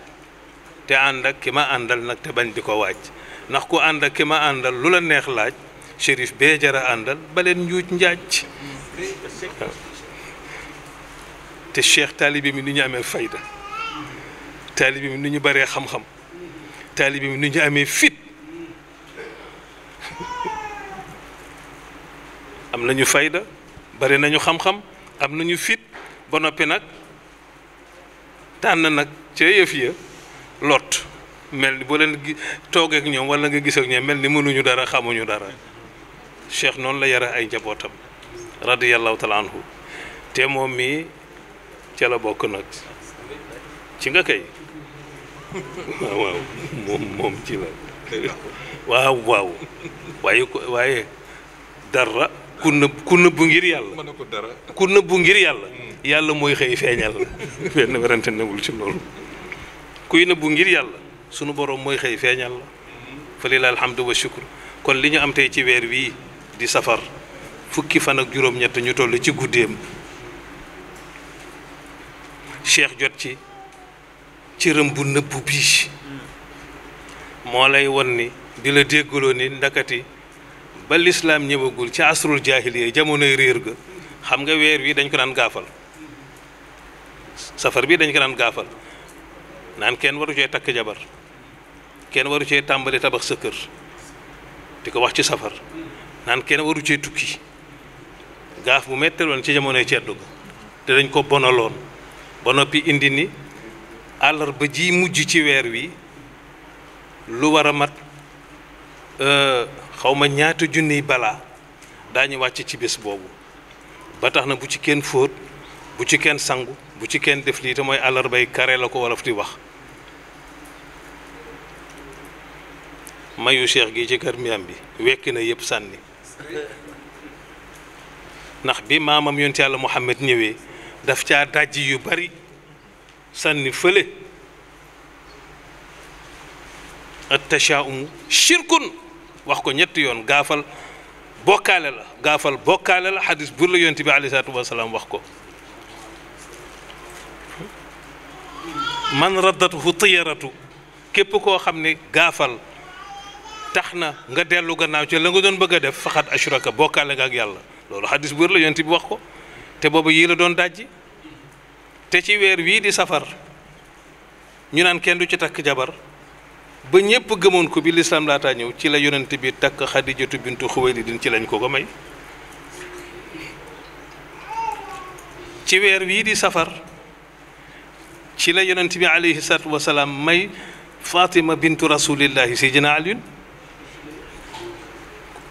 te ànd ak ki ma àndal nag te bañ di ko waaj ndax ku ànd ak ki ma àndal lu la neex laaj shérif bee jara àndal baleen njuuj njaaj te cheikh taalibe mi ni ñu amee fayda taalibe mi ni ñu baree xam-xam taalibe mi ni ñu amee fit am nañu fayda bari nañu xam-xam am nañu fit ba noppi nag tànn nag ca yëf ya lot mel ni boo leen toogee ak ñoom wala nga gis ak ñoom mel ni mënuñu dara xamuñu dara cheikh noonu la yara ay njabootam radiyallahu taala te moom mii ca la bokk nag ci nga kay <laughs> <laughs> waaw waaw waaye dara ku nëb ku nëbbu ngir yàlla ku nëbbu ngir yàlla yàlla mooy xëy feeñal la <laughs> benn werante newul ci loolu kuy nëbbu ngir yàlla sunu borom mooy xëy feeñal la fa lillahi alhamdu wa shukr kon li ñu am tey ci weer wii di safar fukki fan ak juróom-ñett ñu toll ci guddeem cheikh jot ci cëram bu nëbbu bii moo lay won ni di la déggaloo ni ndakati ba lislaam ñëwagul ci asrul jaahiliya jamonoy réer ga xam nga weer wi dañ ko daan gaafal safar bi dañ ko daan gaafal naan kenn waru cee takk jabar kenn waru cee tàmbali tabax sa kër di ko wax ci safar naan kenn waru cee tukki gaaf bu metteloon ci jamonoy ceddu ga te dañ ko bonaloon ba noppi indi ni ba ji mujj ci weer wi lu war a mat euh, xawma ñaata junniy balaa daañu wàcc ci bés boobu ba tax na bu ci kenn fóot bu ci kenn sangu bu ci kenn def lii te mooy àllarbay kare la ko fu di wax mayu cheikh gi ci kër bi wekki na yëpp sànni ndax bi maamam yonent yàlla Muhammad ñëwee daf caa dajji yu bari sànni fële at tashaaum shirkun wax ko ñetti yoon gaafal bokkaale la gaafal bokkaale la xadis bur la yonent bi aleyhi salaatu wax ko man raddatuhu tiyaratu képp koo xam ne gaafal tax na nga dellu gannaaw ci la nga doon bëgg a def faxat ashraka bokkaale nga ak yàlla loolu xadis bur la yonent bi wax ko te boobu yii la doon dajji te ci weer wii di safar ñu naan kenn du ci takk jabar ba ñëpp gëmoon ko bi lislaam laataa ñëw ci la yonent bi takk xadijatu bintu xuwaylidin ci lañ ko ko may ci weer wii di safar ci la yonent bi aleyhi salaatu wasalaam may fatima bintu rasulillahi sayyidina aliyun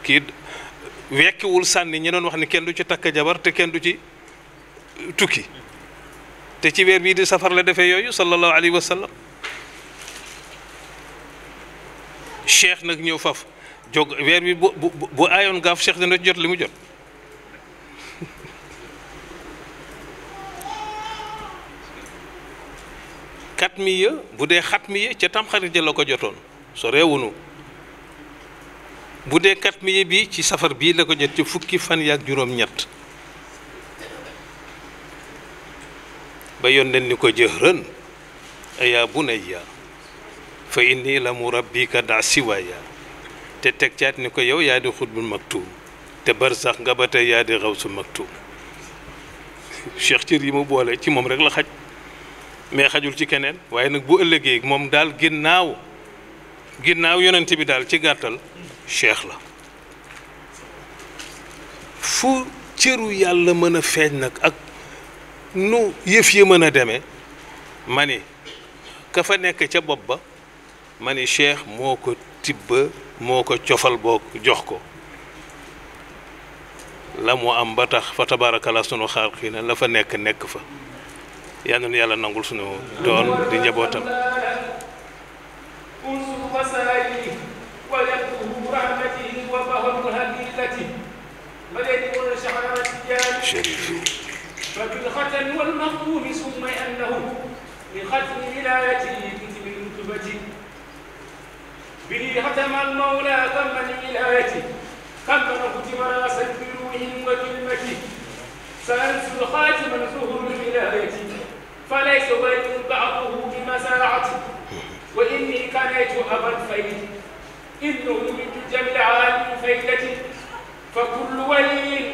kii wekkiwul sànni ñi doon wax ni kenn du ci takk jabar te kenn du ci tukki te ci weer bii di safar la defee yooyu sallallahu alayhi wa sallam cheikh nag ñëw faf jóg weer bi bu bu aayoon gaaf cheikh dana jot li mu jot xat mi ya bu dee xat mi ya ca tamxarit ja la ko jotoon so reewunu bu dee xat mi ya bi ci safar bii la ko jot ci fukki fan yaak juróom-ñett ba yónneen ni ko jëxrën ayaa bunayya fa indi la mu rabbika daa siwaaya te teg caat ni ko yow yaa di xutbul maktuum te barsax nga ba tey yaa di xawsu maktuum cheikh cër yi mu boole ci moom rek la xaj mais xajul ci keneen waaye nag bu ëllëgee moom daal ginnaaw ginnaaw yonent bi daal ci gàttal cheikh la fu cëru yàlla mën a feeñ nag ak nu yëf yi mën a demee ma ka fa nekk ca bopp ba mané cheikh moko tibbe moko tiofal bok jox ko lamu am ba tax fa tabarakallah sunu khalqina la fa nek nek fa yal nu yàlla nangul sunu doon di njabootam فبالختم والمخدوم ثم انه لختم ولايته كتب الرتبه به ختم المولى ثم لولايته ختم ختم راسا بروح وكلمته سأنسل خاتما ظهر الولاية فليس بين بعضه بمزارعته وإني كنيت أبا الفيل إنه من جمع عالم فيلتي فكل ولي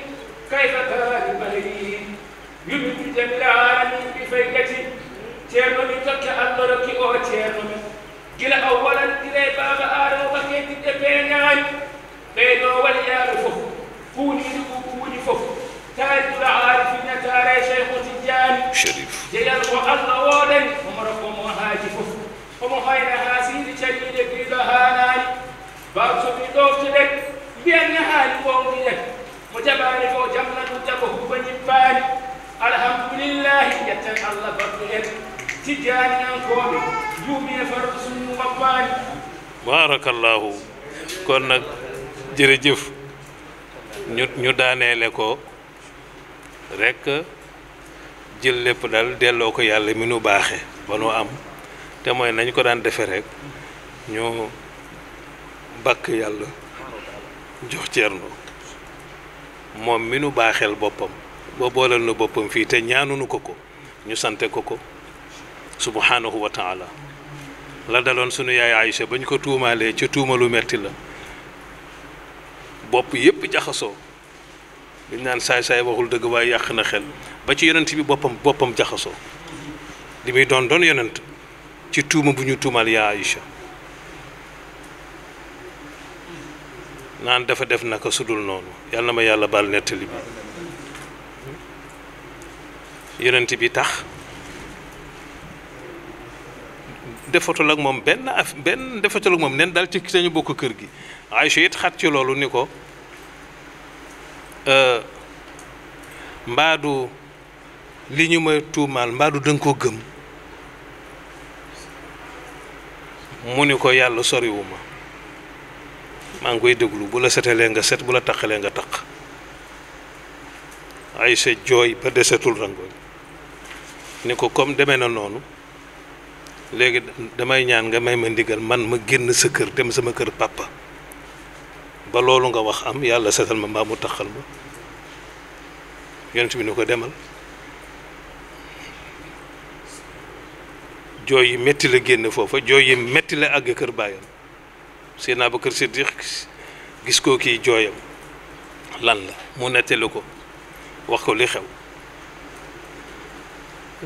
كيف ترى البليل يمت جمع عالم بفيلتي تيرنو من تكي أدركي أو تيرنو من gila awwalan gila baba aadama bakkeetidde ɓeenaani ɓeeno waliyaaɓe fof kuuniiɗi ɓuɓuuji fof taarikula aarifina taare cheikhu tijjaani jeyal ko allah wooɗani omara omo haaji fof omo hayna haa siidi caliiɗe giiɗo haanaani baaw somi ɗoftuɗen mbiyanne haali gonɗiɗen mo jaɓaani ko jamna ɗum jaɓo huba ñippaani alhamdulillahi ƴetten allah baɗɗu en tijaaninankoɓe juumie farɗo sumu wappaani barakallahu kon nag jërëjëf ñu ñu daaneele ko rekk jël lépp dal delloo ko yàlla mi nu baaxe ba nu am te mooy nañ ko daan defe rekk ñu bakk yàlla jox ceerno moom mi nu baaxeel boppam ba booleel nu boppam fii te ñaanunu ko ko ñu sante ko ko subhanahu wa taala la daloon sunu yaay Aïcha bañ ñu ko tuumaalee ci tuumalu metti la bopp yépp jaxasoo liñ naan saay-saay waxul dëgg waaye yàq na xel ba ci yonent bi boppam boppam jaxasoo li muy doon doon yonent ci tuuma bu ñu tuumal yaa Aïcha naan dafa def naka su dul noonu yàlla ma yàlla baal nettali bi yonent bi tax defatul ak moom benn af benn defatul ak moom neen daal ci sañu bokk kër gi Aïcha it xat ci loolu ni ko euh, mbaadu li ñu may tuumaal mbaadu da nga ko gëm mu ni ko yàlla soriwuma ma maa ngi koy déglu bu la setalee nga set bu la taqalee nga taq Aïcha jooy ba desetul rangoñ ni ko comme demee na noonu léegi damay ñaan nga may ma ndigal man ma génn sa kër dem sama kër pàppa ba loolu nga wax am yàlla setal ma mbaa mu taxal ma yonent bi ni ko demal jooy yi métti la génn foofa jooy yi metti la àgg kër baayam Seydina Abubakar Siddiq gis koo kii jooyam lan la mu nettali ko wax ko li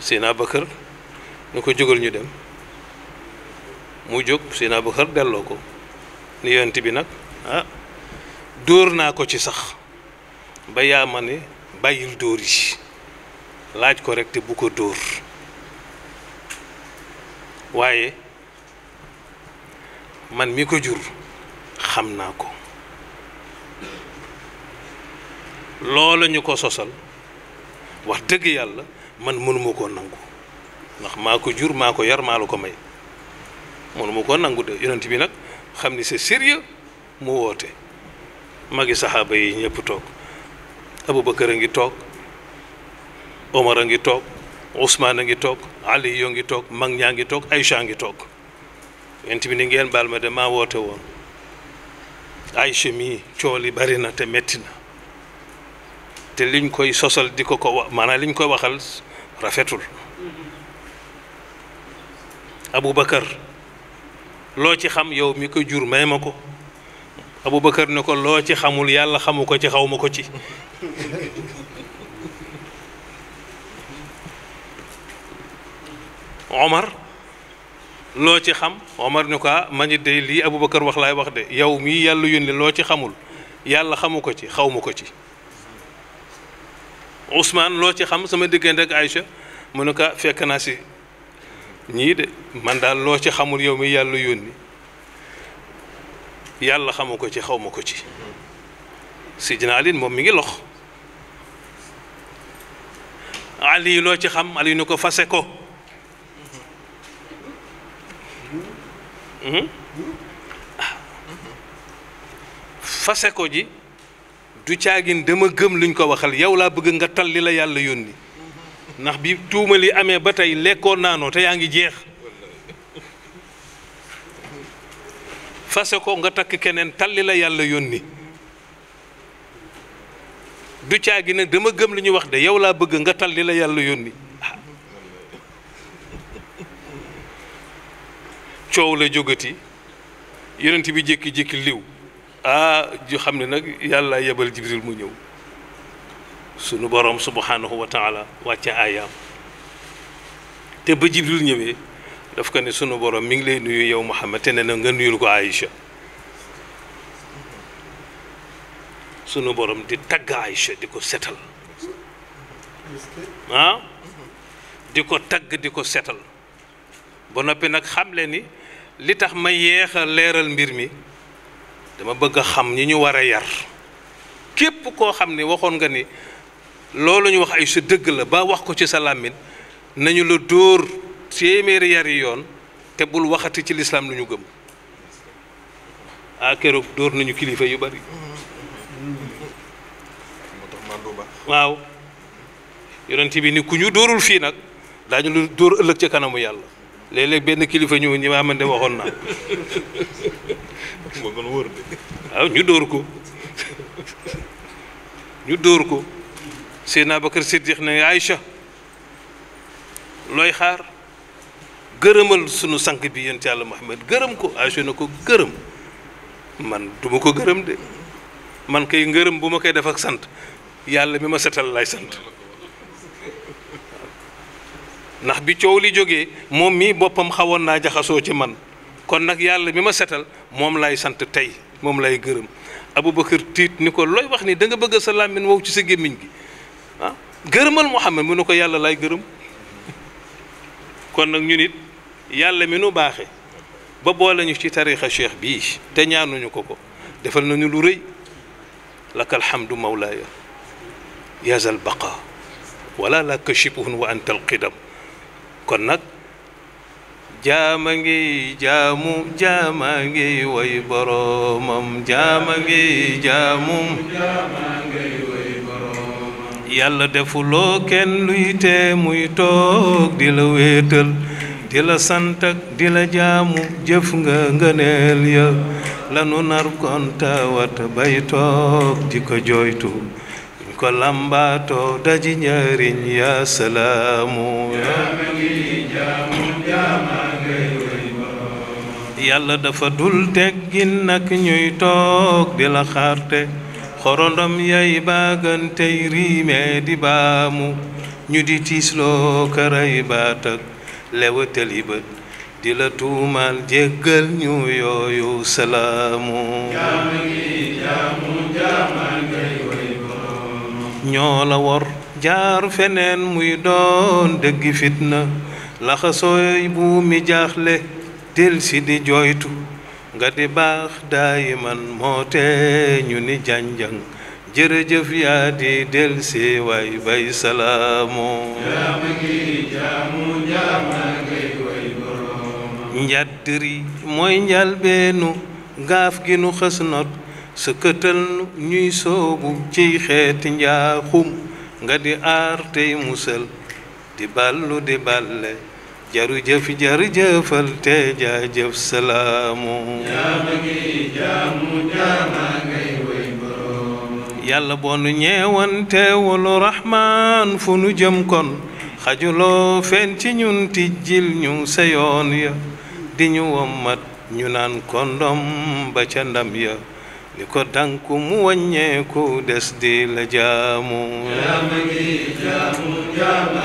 xew ba kër ni ko jógal ñu dem mu jóg Seydina Abubakar delloo ko ni bi nag ah, dóor naa ko ci sax ba yaa ma ne bàyyil dóor yi laaj ko rek te bu ko dóor waaye man mi ko jur xam naa ko loola ñu ko sosal wax dëgg yàlla man mënuma koo nangu ndax maa ko jur maa ko yar maa la ko may mënu mu ko nangu de yonent bi nag xam ni c'est sérieux mu woote magi saxaaba yi ñëpp toog Aboubacar a ngi toog Omar a ngi toog Ousmane a ngi toog Ali yo ngi toog mag ñaa ngi toog Aïcha ngi toog yonent bi ni ngeen baal ma de maa woote woon Aïcha mii cool yi bari na te metti na te liñ koy sosal di ko ko wax liñ koy waxal rafetul mm-hmm. Aboubacar loo ci xam yow mi ko jur may ma ko Aboubacar ne ko loo ci xamul yàlla xamu ko ci xaw ma ko ci Omar loo ci xam Omar ne ko ah, man it day lii wax laay wax de yow mii yàlla yónni loo ci xamul yàlla xamu ko ci xaw ma ko ci Ousmane loo ci xam sama diggante ak Aïcha mu ne ko ah, fekk naa si ñii de man daal loo ci xamul yow mi yàlla yónni yàlla xamu ko ci xawma ko ci sidina Ali moom mi ngi lox Ali loo ci xam Ali ko fase ko hmm? fase ko ji du caagin dama gëm luñ ko waxal yow laa bëgg nga tal li la yàlla yónni ndax bi tuuma li amee ba tey lekkoon naanoo te yaa ngi jeex fase ko nga takk keneen tàlli la yàlla yónni du caa gi nag dama gëm li ñu wax de yow laa bëgg nga tàlli la yàlla yónni coow la jógati yonent bi jékki-jékki liw ah ju xam ne nag yàlla yebal jibril mu ñëw sunu borom subhanahu wa taala wàcce aayaam te ba jibril ñëwee daf ko ne sunu borom mi ngi lay nuyu yow Muhammad te ne na nga nuyul ko Aïcha sunu boroom di tagg Aïcha di ko setal ah di ko tagg di ko setal ba noppi nag xamle ni li tax ma yéex a leeral mbir mi dama bëgg xam ñi ñu war a yar képp koo xam ni waxoon nga ni loolu ñu wax ay su dëgg la ba wax ko ci sa làmmiñ nañu la dóor téeméeri yari yoon te bul waxati ci lislaam lu ñu gëm ah keroog dóor nañu kilifa yu bari waaw yonent bi ni ku ñu dóorul fii nag daañu lu dóor ëllëg ca kanamu yàlla léeg benn kilifa ñëw ñi ma man de waxoon naa <laughs> waaw ñu dóor ko <laughs> ñu dóor ko Seydina Bakar na ne Aïcha looy xaar gërëmal sunu sank bi yéen ci yàlla Muhammad gërëm ko Aïcha na ko gërëm man duma ko gërëm de man kay ngërëm bu ma koy def ak sant yàlla mi ma setal lay sant ndax bi coow li jóge moom mii boppam xawoon naa jaxasoo ci man kon nag yàlla mi ma setal moom lay sant tey moom lay gërëm Aboubacar tiit ni ko looy wax ni da nga bëgg sa làmmiñ wow ci sa gémmiñ gi ah gërëmal Muhammad mu ne ko yàlla lay gërëm kon nag ñu nit yàlla mi nu baaxe ba boole ñu ci tariixa cheikh bii te ñaanuñu ko ko defal nañu lu rëy laka alhamdu mawlaaya yaa zal baqa wala la kashifuhun wa anta alqidam kon nag jaama ngi jaamu jaama ngi way boromam jaama ngi jaamum yàlla defuloo kenn luy tee muy toog di la wéetal di la sant ak di la jaamu jëf nga ngëneel ya lanu nar konta wat bay toog di ko jooytu ko làmbaatoo daji njariñ ya salaamu yàlla dafa dul teggin nag ñuy toog di la xaarte xorondom yay baagantey riime di baamu ñu di tiisloo karay baat ak lewatali bët di la tuumaal jéggal ñu yooyu salaamu ñoo la wor jaaru feneen muy doon dëgg fitna laxasoo bu mi jaaxle del si di jooytu nga di baax daayi man moo ni janjang jërëjëf yaa di delsi waay bay salaamu mooy njalbeenu gaaf gi nu xës not sa këtal ñuy soobu ciy xeeti njaaxum nga di aar tey musal di ballu di balle jërëjëf jërëjëfal te jaajëf salaamu yàlla boo nu ñeewante wolu rahmaan fu nu jëm kon xajuloo fen ci ñun tijjil ñu sa yoon ya di ñu wommat ñu naan kondom ba ca ndam ya li ko danku mu wàññeeku des di la jaamu jaama ngi jaamu jaama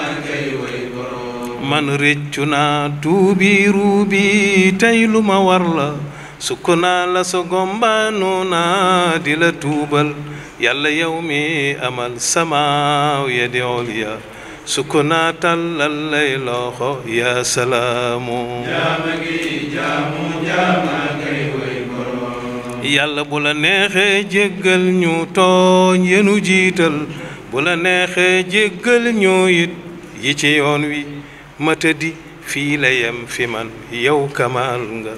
man réccu naa tuubi ruubi tey lu ma war la sukk naa la sa gombaanoo naa di la tuubal yàlla yow mi amal samaaw ya di oliya sukk naa tàllal lay loxo yaa salaamu jaama bu la neexee jéggal ñu tooñ yenu jiital bu la neexee jéggal ñu it yi ci yoon wi matadi fii la yem fi man yow kamal nga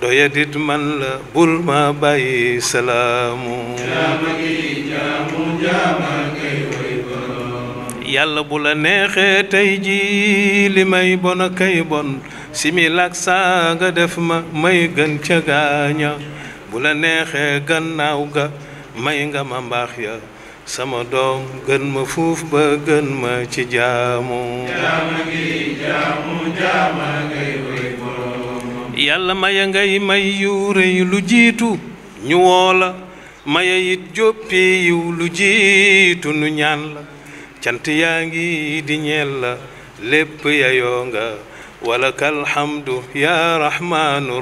doyadit man la bul ma bàyyi salaamu yàlla bu la neexe tey ji li may bon a kay bon similak saa nga def ma may gën ca gaaña bu la neexee gannaaw ga may nga ma mbaax ya sama doom gën ma fuuf gën ma ci jaamu ngay wéy boroom yàlla maya ngay may lu jiitu ñu woola la maya joppi yiw lu jiitu nu ñaan cant yaa ngi di ñeel la lépp yayoo nga walaka alhamdu ya rahmaanu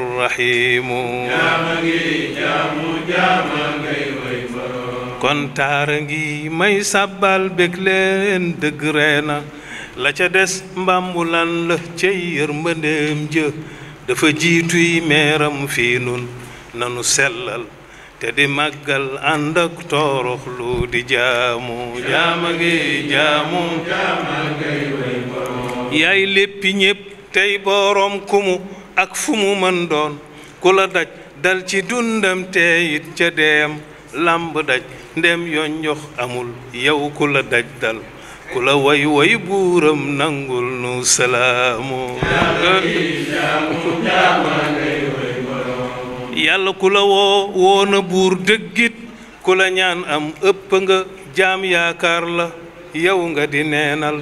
kon taara ngi may sàbbal bég leen dëgg reena la ca des mbàmbu lan la cey yërmandeem jë dafa jiituy meeram fii nun nanu sellal te di màggal ànd ak toorox di jaamu jaama ngi jaamu yaay léppi ñépp tey boroom kumu ak fu mu mën doon ku la daj dal ci dundam te it ca deem làmb daj ndem yoon amul yow ku la daj dal ku la woy woy buuram nangul nu salaamu yàlla ku la woo woona buur dëggit ku la ñaan am ëpp nga jaam yaakaar la yow nga di neenal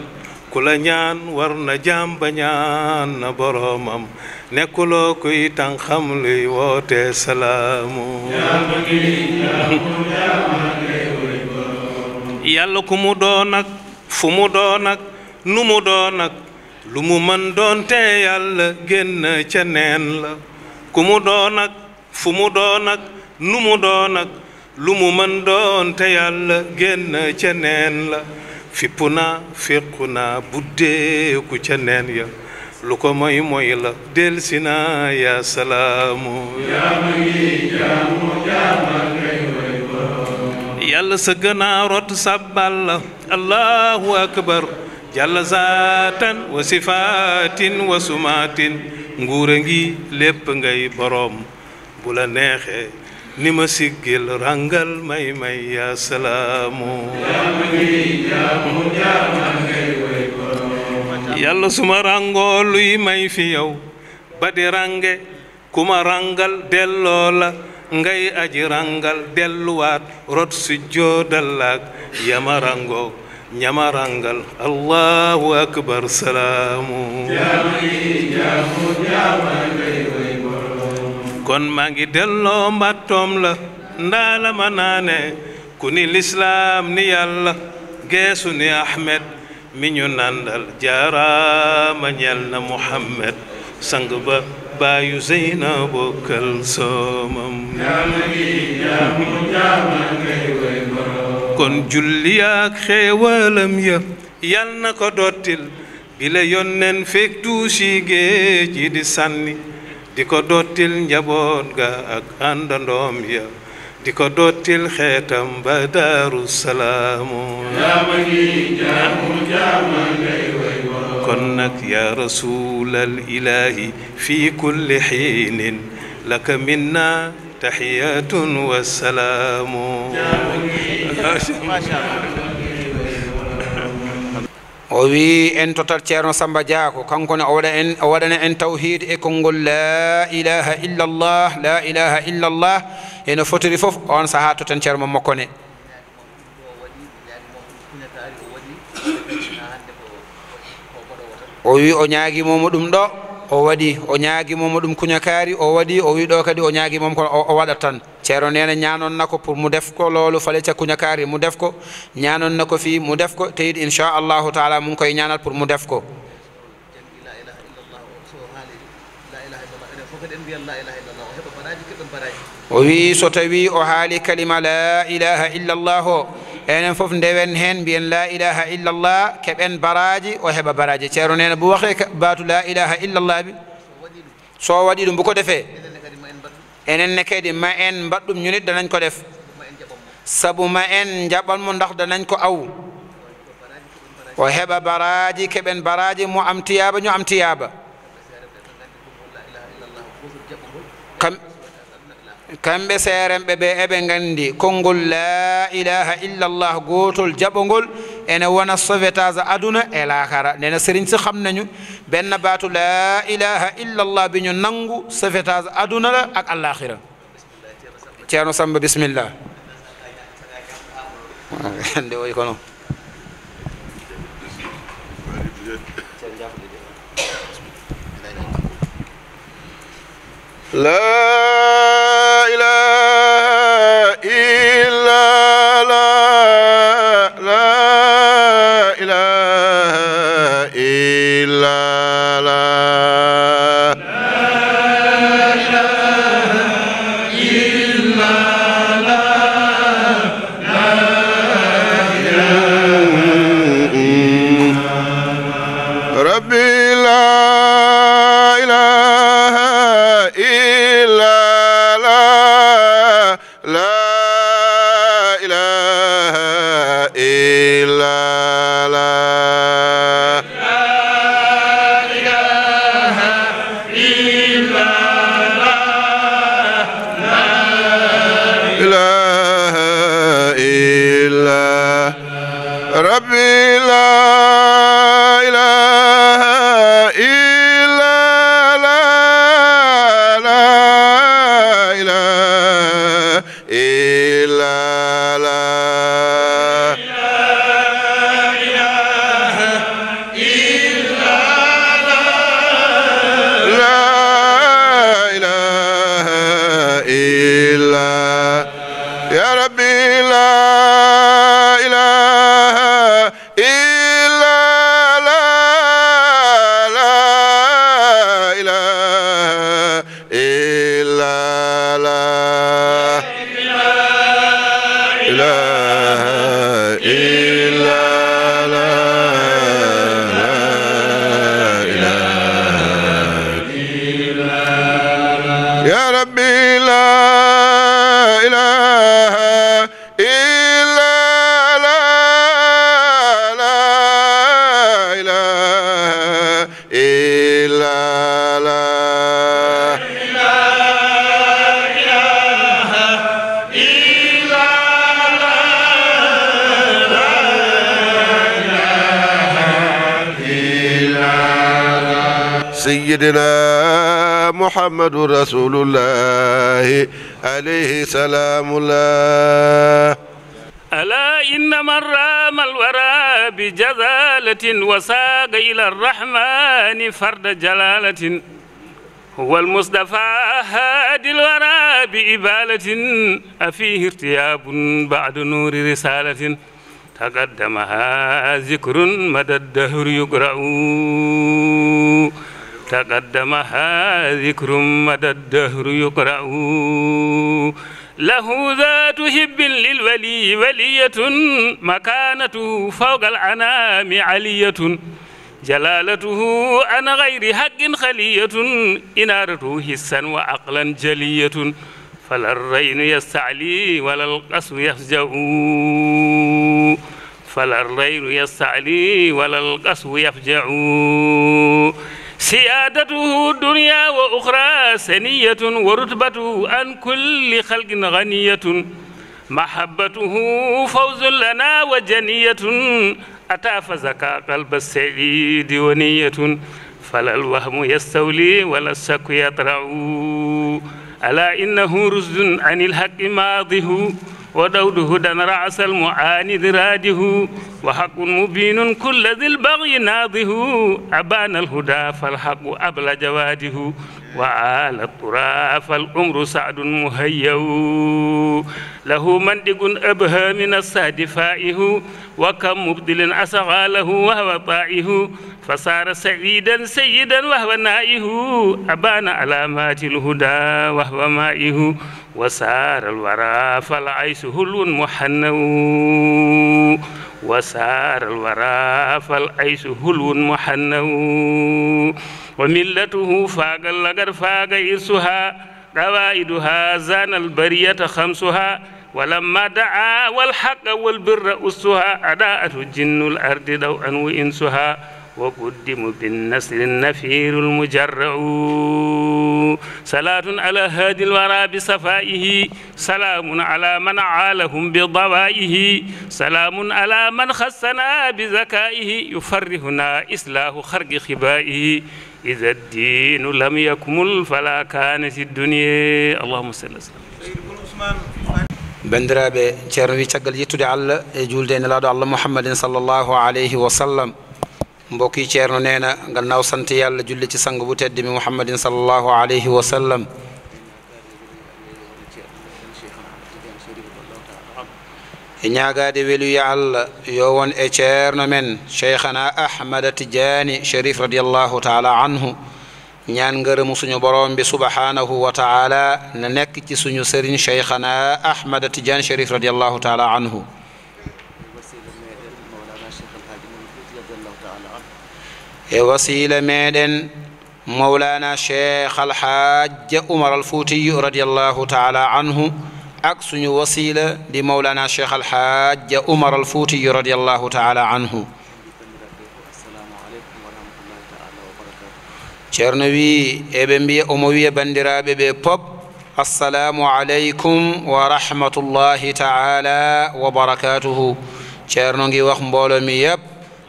ku la ñaan war na jaam ba ñaan na boroomam nekkuloo kuy tàng xam luy woote salaamu yàlla ku mu doon ak fu mu doon ak nu mu doon ak lu mu mën doon te yàlla génn ca neen la ku mu doon ak fu mu doon ak nu mu doon ak lu mu mën doonte yàlla génn ca neen la fippu naa féqu naa buddeeku ca neen ya lu ko moy moy la del si na yaa salaamu jaama ngi jaamu jaama ngay way yàlla sa gënaa rot sàbbal la ngi lépp ngay boroom bu la neexee ni ma siggil ràngal may may yaa yalla suma rango may fi yow badi di range kuma rangal dello la ngay aji rangal wat rot sujjoodal ak yama rango nyama rangal allahu akbar salamu. kon mangi dello delloo mbàttoom la ndaa la ma naane ku ni ni ni ahmed mi ñu nàndal jaaraama na Muhammad sang ba baayu Zeyna bokkal soomam kon julli ak xéewalam ya yal na ko dottil bi la yónneen feeg duusi géej yi di sànni di ko dottil njaboot ga ak àndandoom ya di ko dottil xeetam ba daaru salaamu kon nag yaa rasuulal ilaahi fi kulli xiinin laka minna taxiyatun wa salaamu o wi en total ceerno samba diako kankone o waɗa en o waɗana en tawhid e konngol la ilaha illallah la ilaha illallah ene fotiri fof on saaha toten ceerno mom makko ne o wi o ñaagimomo ɗum ɗo o waɗi o ñaagimomo ɗum kuñakaari o waɗi o wiɗo kadi o ñaagimomo ko o waɗat tan ceero nene ñanonna ko pour mu def ko loolu fale ca kuñakaari mu def ko ñanonna ko fii mu def ko te yiɗi inchallahu taala mum koye ñanat pour mu def ko o wi so tawi o haali kalima la ilaha illallah o enen fof ndewen hen mbiyen la ilaha illallah keɓen baraji o heɓa baraji ceerno nene bo waxe batu la ilaha illallah bi so waɗi ɗum boko defe enenne kadi ma en mbaɗɗum ñunit danañ ko def sabu ma en jaɓanmo ndax danañ ko aw o heɓa baraji keɓen baraji mo am tiyaba ño am tiyaba kamɓe seerenɓe ɓe eɓe nganndi konngol la ilaha illallah gootol jaɓongol ene wona sauvetage aduna e laakara ndene sérigne si xam nañu benn baatu la ilaha illallah bi ñu nangu sauvetage aduna la ak alaxira ceerno samba bisimillah nde woy ko noon لا إله إلا سيدنا محمد رسول الله عليه سلام الله ألا إن من رام الورى بجزالة وساق إلى الرحمن فرد جلالة هو المصطفى هادي الورى بإبالة أفيه ارتياب بعد نور رسالة تقدمها ذكر مدى الدهر يقرأ تقدمها ذكر مدى الدهر يقرأ له ذات هب للولي ولية مكانته فوق الأنام علية جلالته أنا غير حق خلية إنارته حسا وعقلا جلية فلا الرين يستعلي ولا القصر يفجع فلا الرين يستعلي ولا القصر يفجع سيادته دنيا وأخرى سنية ورتبته عن كل خلق غنية محبته فوز لنا وجنية أتى فزكى قلب السعيد ونية فلا الوهم يستولي ولا الشك يطرع ألا إنه رشد عن الحق ماضه ودوده دن رأس المعاند راده وحق مبين كل ذي البغي ناضه أبان الهدى فالحق أبل جواده وعلى الطرى فالأمر سعد مهيو له مندق أبهى من السهد فائه وكم مبدل أسغى له وهو طائه فصار سعيدا سيدا وهو نائه أبان علامات الهدى وهو مائه وسار الورى فالعيس هل محنو وسار الورى فالعيس هل محنو وملته فاق اللقر فاق إرسها قوائدها زان البرية خمسها ولما دعا والحق والبر أسها أداءة جن الأرض دوءا وإنسها وقدم بالنسل النفير المجرع صلاة على هادي الورى بصفائه سلام على من عالهم بضوائه سلام على من خصنا بذكائه يفرهنا إسلاه خرق خبائه إذا الدين لم يكمل فلا كانت الدنيا اللهم صل وسلم bandiraɓe ceerno wi caggal yettude allah e julde e nelaɗo allah mouhammadin sallllahu alayhi mbokki yi neena gannaaw sante yàlla julli ci sang bu tedd mi muhammadin sallallahu alayhi wa sallam e ñaagaade welu yalla allah yo won e ceerno men sheikhana ahmad tijani sharif radiallahu taala anhu ñaan ngërëmu suñu borom bi subhanahu wa taala na nek ci suñu serigne sheikhana ahmad tijani sharif radiallahu taala anhu وسيل مدن مولانا شيخ الحاج عمر الفوتي رضي الله تعالى عنه اكسن وسيله دي مولانا شيخ الحاج عمر الفوتي رضي الله تعالى عنه شرنوي ابنبي اموي بندرابي بوب السلام عليكم ورحمه الله تعالى وبركاته شرنوي واخ يب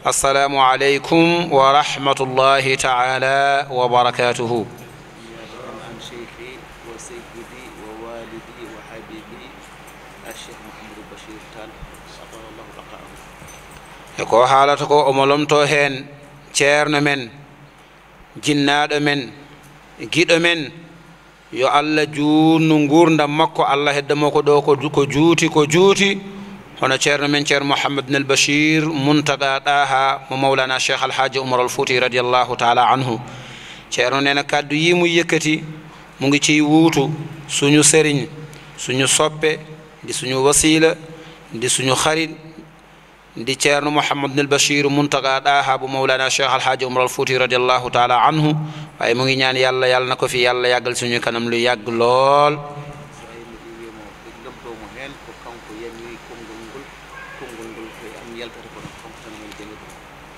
السلام عليكم ورحمة الله تعالى وبركاته وبرم شيخي وسيدي ووالدي وحبيبي الشيخ محمد بشير تال أطول الله بقاءه يكو حالتكو أمولمتو هين ceerno men jinnaɗo men giɗo men yo allah juutno gurdam makko allah heddamo ko ɗo ko juuti ko juuti هنا شير من شير محمد بن البشير منتقى داها مولانا شيخ الحاج عمر الفوتي رضي الله تعالى عنه شير نينا كادو يمو يكتي مونغي تي ووتو سنو سرين سنو صوبي دي سونيو وسيله دي سونيو خريد دي شير محمد بن البشير منتقى داها مولانا شيخ الحاج عمر الفوتي رضي الله تعالى عنه واي مونغي يالا يالا يالا يالا يالا يالا يالا يالا يالا يالا يالا لول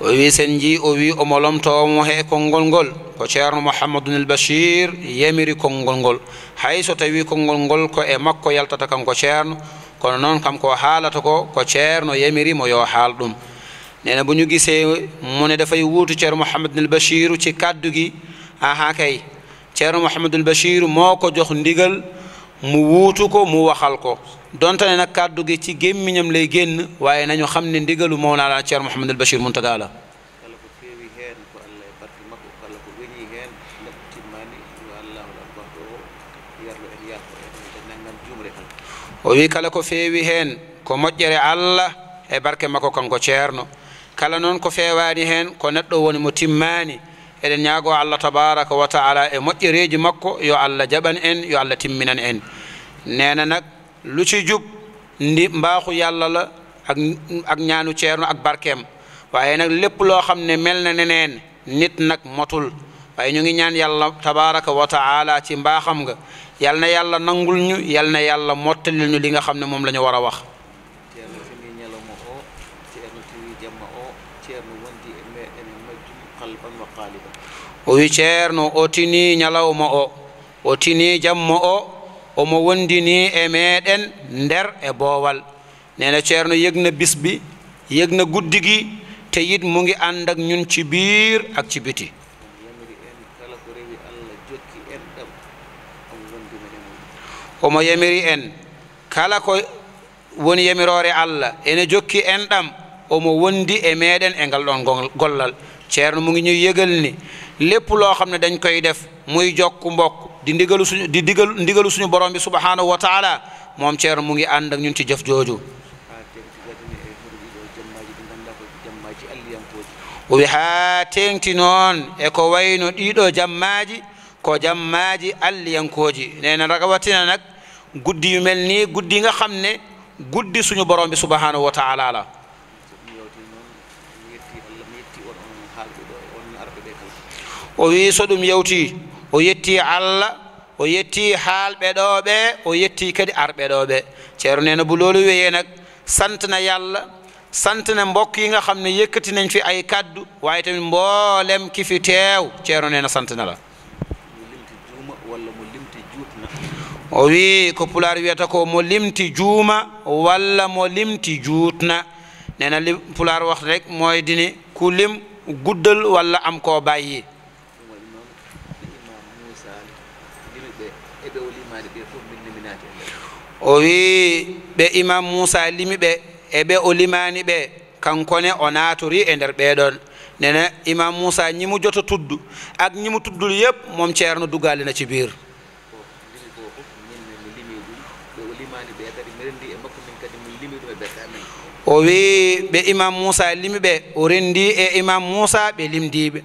o wi sen ji o wi omo lomtowomo he konngol ngol ko ceerno mouhamadounil bachir yamiri konngol ngol hay so tawi konngol ngol ko e makko yaltata kanko ceerno kono noon kam ko haalata ko ko ceerno yamirimo yo haal ɗum nene bu ñu gisee mu ne dafay wuutu ceerno mouhamadounil bachiru ci kàddu gi aha kay ceerno mouhamadounil bachiru moo ko jox ndigal mu wuutu ko mu waxal ko donte ne nag kàddu gi ci gémmiñam lay génn waaye nañu xam ne ndigalu Mawlana Ceerno Mouhamadul Bachir Muntaga la e o e wi kala ko feewi heen ko moƴƴere allah e barke makko kanko ceerno kala noon ko feewaani heen ko neɗɗo woni mo timmaani eɗen ñaago allah tabaraka wa taala e moƴƴereeji makko yo allah jaban en yo allah timminan en neena nak lu ci jub ndi mbaxu yàlla la ak ak ñaanu ceerno ak barkem waye nak lépp lo xamne melna neneen nit nak motul waye ñu ngi ñaan yàlla tabaraka wa taala ci mbaxam nga yal na yàlla nangul ñu yal na yàlla mottalil ñu li nga xamne mom lañu wara wax o wi ceerno o tini ñalawma o o tini jamma o omo wondini e meɗen nder e boowal nene ceerno yegna bisbi yegna guddigi te yit mu ngi ànd ak ñun ci biir ak ci biti omo yemiri en kala ko woni yemiroore allah ene jokki en ɗam omo wondi e meɗen e ngal ɗon gollal ceerno mu ngi ñu yëgal ni lépp loo xam ne dañ koy def muy jokk mbokk di ndigalu suñu di digal ndigalu borom bi subhanahu wa taala moom Ceerno mu ngi ànd ak ñun ci jëf jooju wi haa tengti noon e ko wayno ɗiɗo jammaji ko jammaji alliyankoji nena ragawatina nag guddi yu mel nii guddi nga xam ne guddi suñu borom bi subhanahu wa o weeso ɗum yawti o yetti allah o yetti haalɓe ɗoɓe o yetti kadi arɓe ɗoɓe ceero nena buloolu weye nag santana yallah santana mbokki nga xam ne yëkkatinañ fi ay kaddu waaye tamit mboolem kifi teew ceero nena santana la o wii ko pulaar wiyata ko mo limti juuma walla mo limti juutna nena li pulaar waxta rek mooy dini ku lim guddal walla am koo bàyyi o wi ɓe imam moussa limi ɓe e ɓe o limani ɓe kankone o naturi e nder ɓeɗon nene imam moussa ñimu joto tuddu ak ñimu tuddul yeb mom ceerno dugali na cibir o wi ɓe imam moussa limi ɓe o rendi e imam moussa ɓe limdiɓe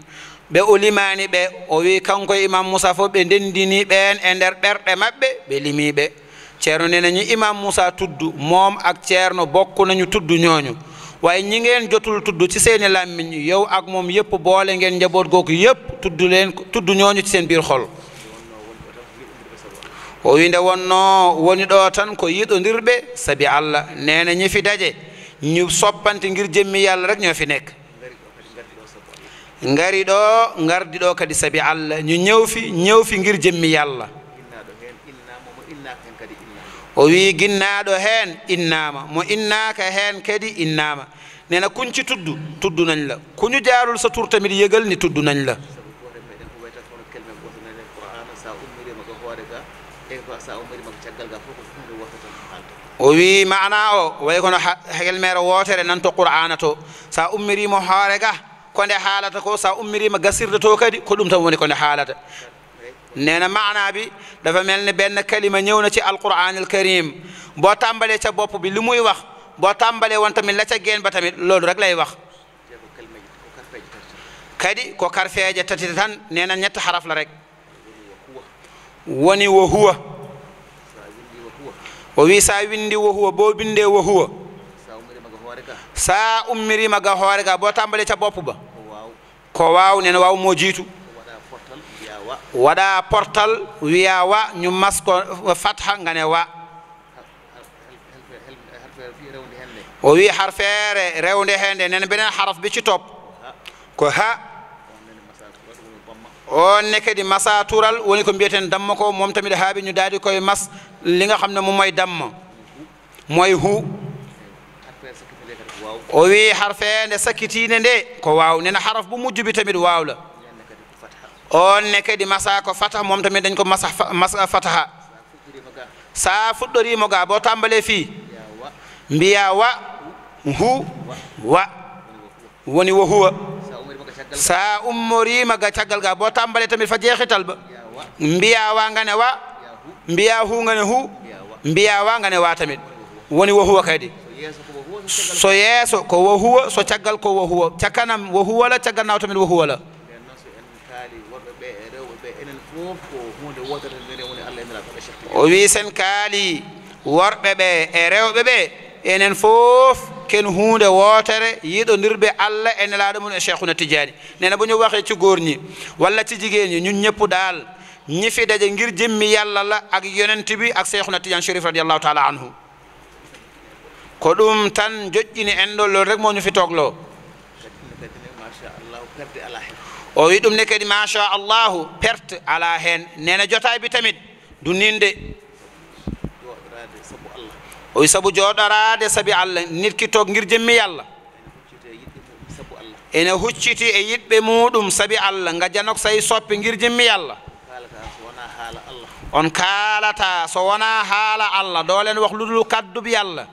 ɓe o limani ɓe o wi kanko e imam moussa fof ɓe ndendini ɓen e nder ɓerɗe maɓɓe ɓe limiɓe be. ceerno nee na ñi imam Moussa tudd moom ak ceerno bokk nañu tudd ñooñu waaye ñi ngeen jotul tudd ci seeni làmmiñ yow ak moom yëpp boole ngeen njaboot googu yëpp tudd leen tudd ñooñu ci seen biir xol o nde wonno woni ɗo tan ko ɓe sabi allah nene ñi fi daje ñu soppante ngir jëmmi yàlla rek ñoo fi nekk ngari ɗo ngardi ɗo kadi sabi allah ñu ñëw fi ñëw fi ngir jëmmi yàlla o wi ginnaɗo hen innama mo innaka hen kadi innama nena kunci tuddu tuddu nañ la kuñu jaarol so turta miɗa yegal ni tuddu nañ la o wi mana o way kono helmere wotere nanto qur'ana to sa ummirimo hoore ga ko nde haalata ko sa ummirima gasirde to kadi ko ɗum tan woni ko nde haalata nee na maanaa bi dafa mel ni benn kalima ñëw na ci alquranil karim boo tàmbalee ca bopp bi lu muy wax boo tàmbalee woon tamit la ca geen ba tamit loolu rek lay wax kadi ko karfeeje tati tan nee na ñetti xaraf la rek woni wo huwa o wi sa windi wo huwa boo bindee wo huwa saa ummirima ga hoore ga boo tàmbalee ca bopp ba ko waaw nee na waaw moo jiitu waɗa portal wiya wa ñum masko uh, fatha gane wa o wi har feere rewde hennde nen benen haraf bicci top ko ha on ne kadi masatural woni ko mbiyeten damma ko mom tamit haaɓi ñu daadi koye mas li nga xam ne mo moye damma moye hu o wi har feende sakkitiinde nde ko waaw nena haraf bu mujjubi tamit waawla on ne kadi masa ko fataha mom tami dañ ko masa fataha sa fuɗɗorimo ga bo tambale fi mbiya wa hu wa woni wo huwa sa ummorima ga caggal ga bo tambale tami fa jeexital ba mbiya wa ngane wa mbiya hu ngane hu mbiya wa ngane wa tamit woni wo huwa kadi so yeeso ko wo huwa so caggal ko wo huwa cakkanam wo huwa la cagganaw tamit wo huwa la so E o wi sen kaali worɓe ɓe e rewɓe ɓe enen fof ken hunde wootere yiɗodirɓe allah e nelaɗo mum e cheikhuna tidiani nene boñum waxe cigorni walla cijigueni ñun ñeppu ɗal ñifidaje guir jimmi yalla la ak yonentibi ak cheikhuna tidiani sherif radiallahu taala anhu ko ɗum tan joƴƴini en ɗol lol rek mo ñufitoklo o wi ɗum ne kadi machallahu perte ala hen nene jotabi tamit dunninde o wi sabu joɗorade saabi allah nitkito guir jemmi allah ene hucciti e yiɗɓe muɗum saabi allah gajanok sayi soppe guir jemmi allah on kaalata so wona haala allah doolen wax luddul kaddu bi yàlla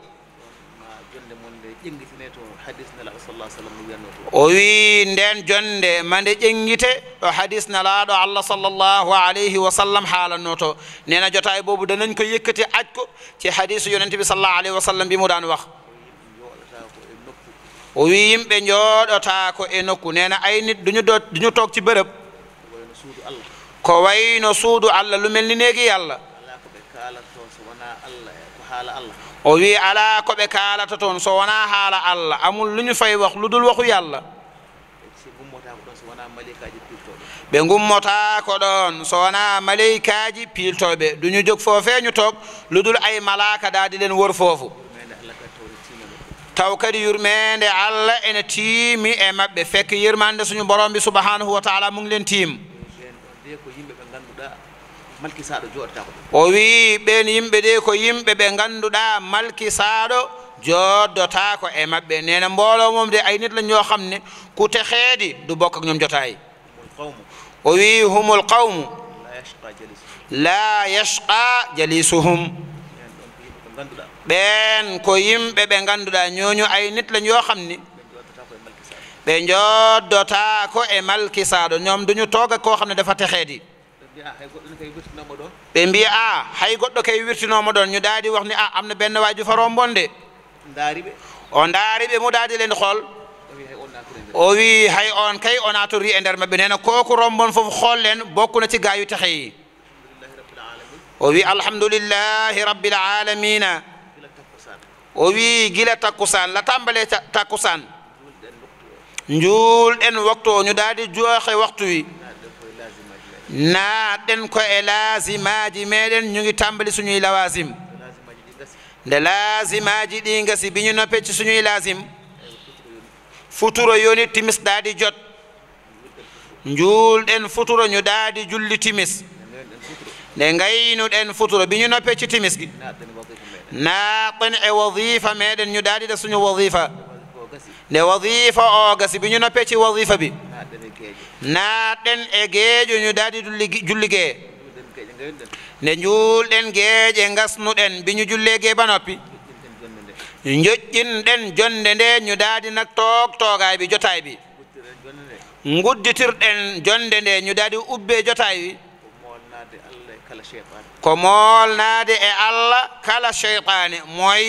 jonde mon nde ƴengitine to hadis nelaɗo sallah sallam o wi nden jonde mande ƴengguite ɗo hadis nalaɗo allah sallllahu alayhi wa sallam haalanno to nena jota e boobu danen ko yekkati acko ci hadisu yonente bi sallah alayhi wa sallam mbimuɗan wah o wi yimɓe jooɗota ko e nokku nena ayni duñu tok ci bereb ko wayno suudu allah lumel ni neegi yallah o wi ala ko ɓe kaalata toon so wona haala allah amul luñu fay wax ludul waxu yalla ɓe gummotako ɗon so wona maleykaji piiltoɓe duñu jog fo feeñu toog ludul ay malaka daadi len wor foofu taw kadi yurmede allah ene tiimi e maɓɓe fekk yirmande suñu boromɓe subhanahu wa taala mug len tiim malkisaaɗo jooɗata ko o wii ɓen yimɓe de ko yimɓe ɓe ngannduɗaa malkisaaɗo jooɗdotaako e maɓɓe nena mboolo mum de ay nit la ñoo xam ne ku texeedi du bokk ak ñoom jotaayi o wii humul qawmu laa yashqa jalisuhum ɓeen ko yimɓe ɓe ngannduɗaa ñooñu ay nit la ñoo xam ne ɓe jooɗdotaako e malkisaaɗo ñoom duñu tooga koo xam ne dafa texeedi ɓe mbiya a hay goɗɗo kay wirtinomo ɗon ñu daadi wax ni a am na benn waaju faro bonde o ndaari ɓe mu daadi leen xool o wi hay on kay ona to ri e nder maɓɓe nena kooku rombon fof xool leen bokku na ci gaayu texe o wi alhamdulillahi rabbil alamina o wi gila takkusan la tambale takkusan njuulɗen waktu o ñu daadi jooxe waxtu wi naatɗen ko e laasimaji meɗen ñu ngi tambali suñuy lawasim nde laasimaji ɗi gasi biñu no pecci suñuy lasim futuro yoni timis ɗaadi jot njuulɗen futuro ñu ɗaadi julli timis nde ngaynuɗen futuro biñu no pecci timis gi naatɗen e wadifa meɗen ñu ɗaɗiɗa suñu wadifa nde wadifa o gasi biñu no pecci wadifa bi naatɗen e geeƴo ñudaadi julligee nde njuulɗen geeƴe ngasnuɗen biñu jullee gee ba noppi njoƴƴinɗen jonde nde ñudaadi nak tooktoogaybi jotaybi ngudditirɗen jonde nde ñudaadi ubbee jotaybi ko moolnaade e allah kala cheytaani mooy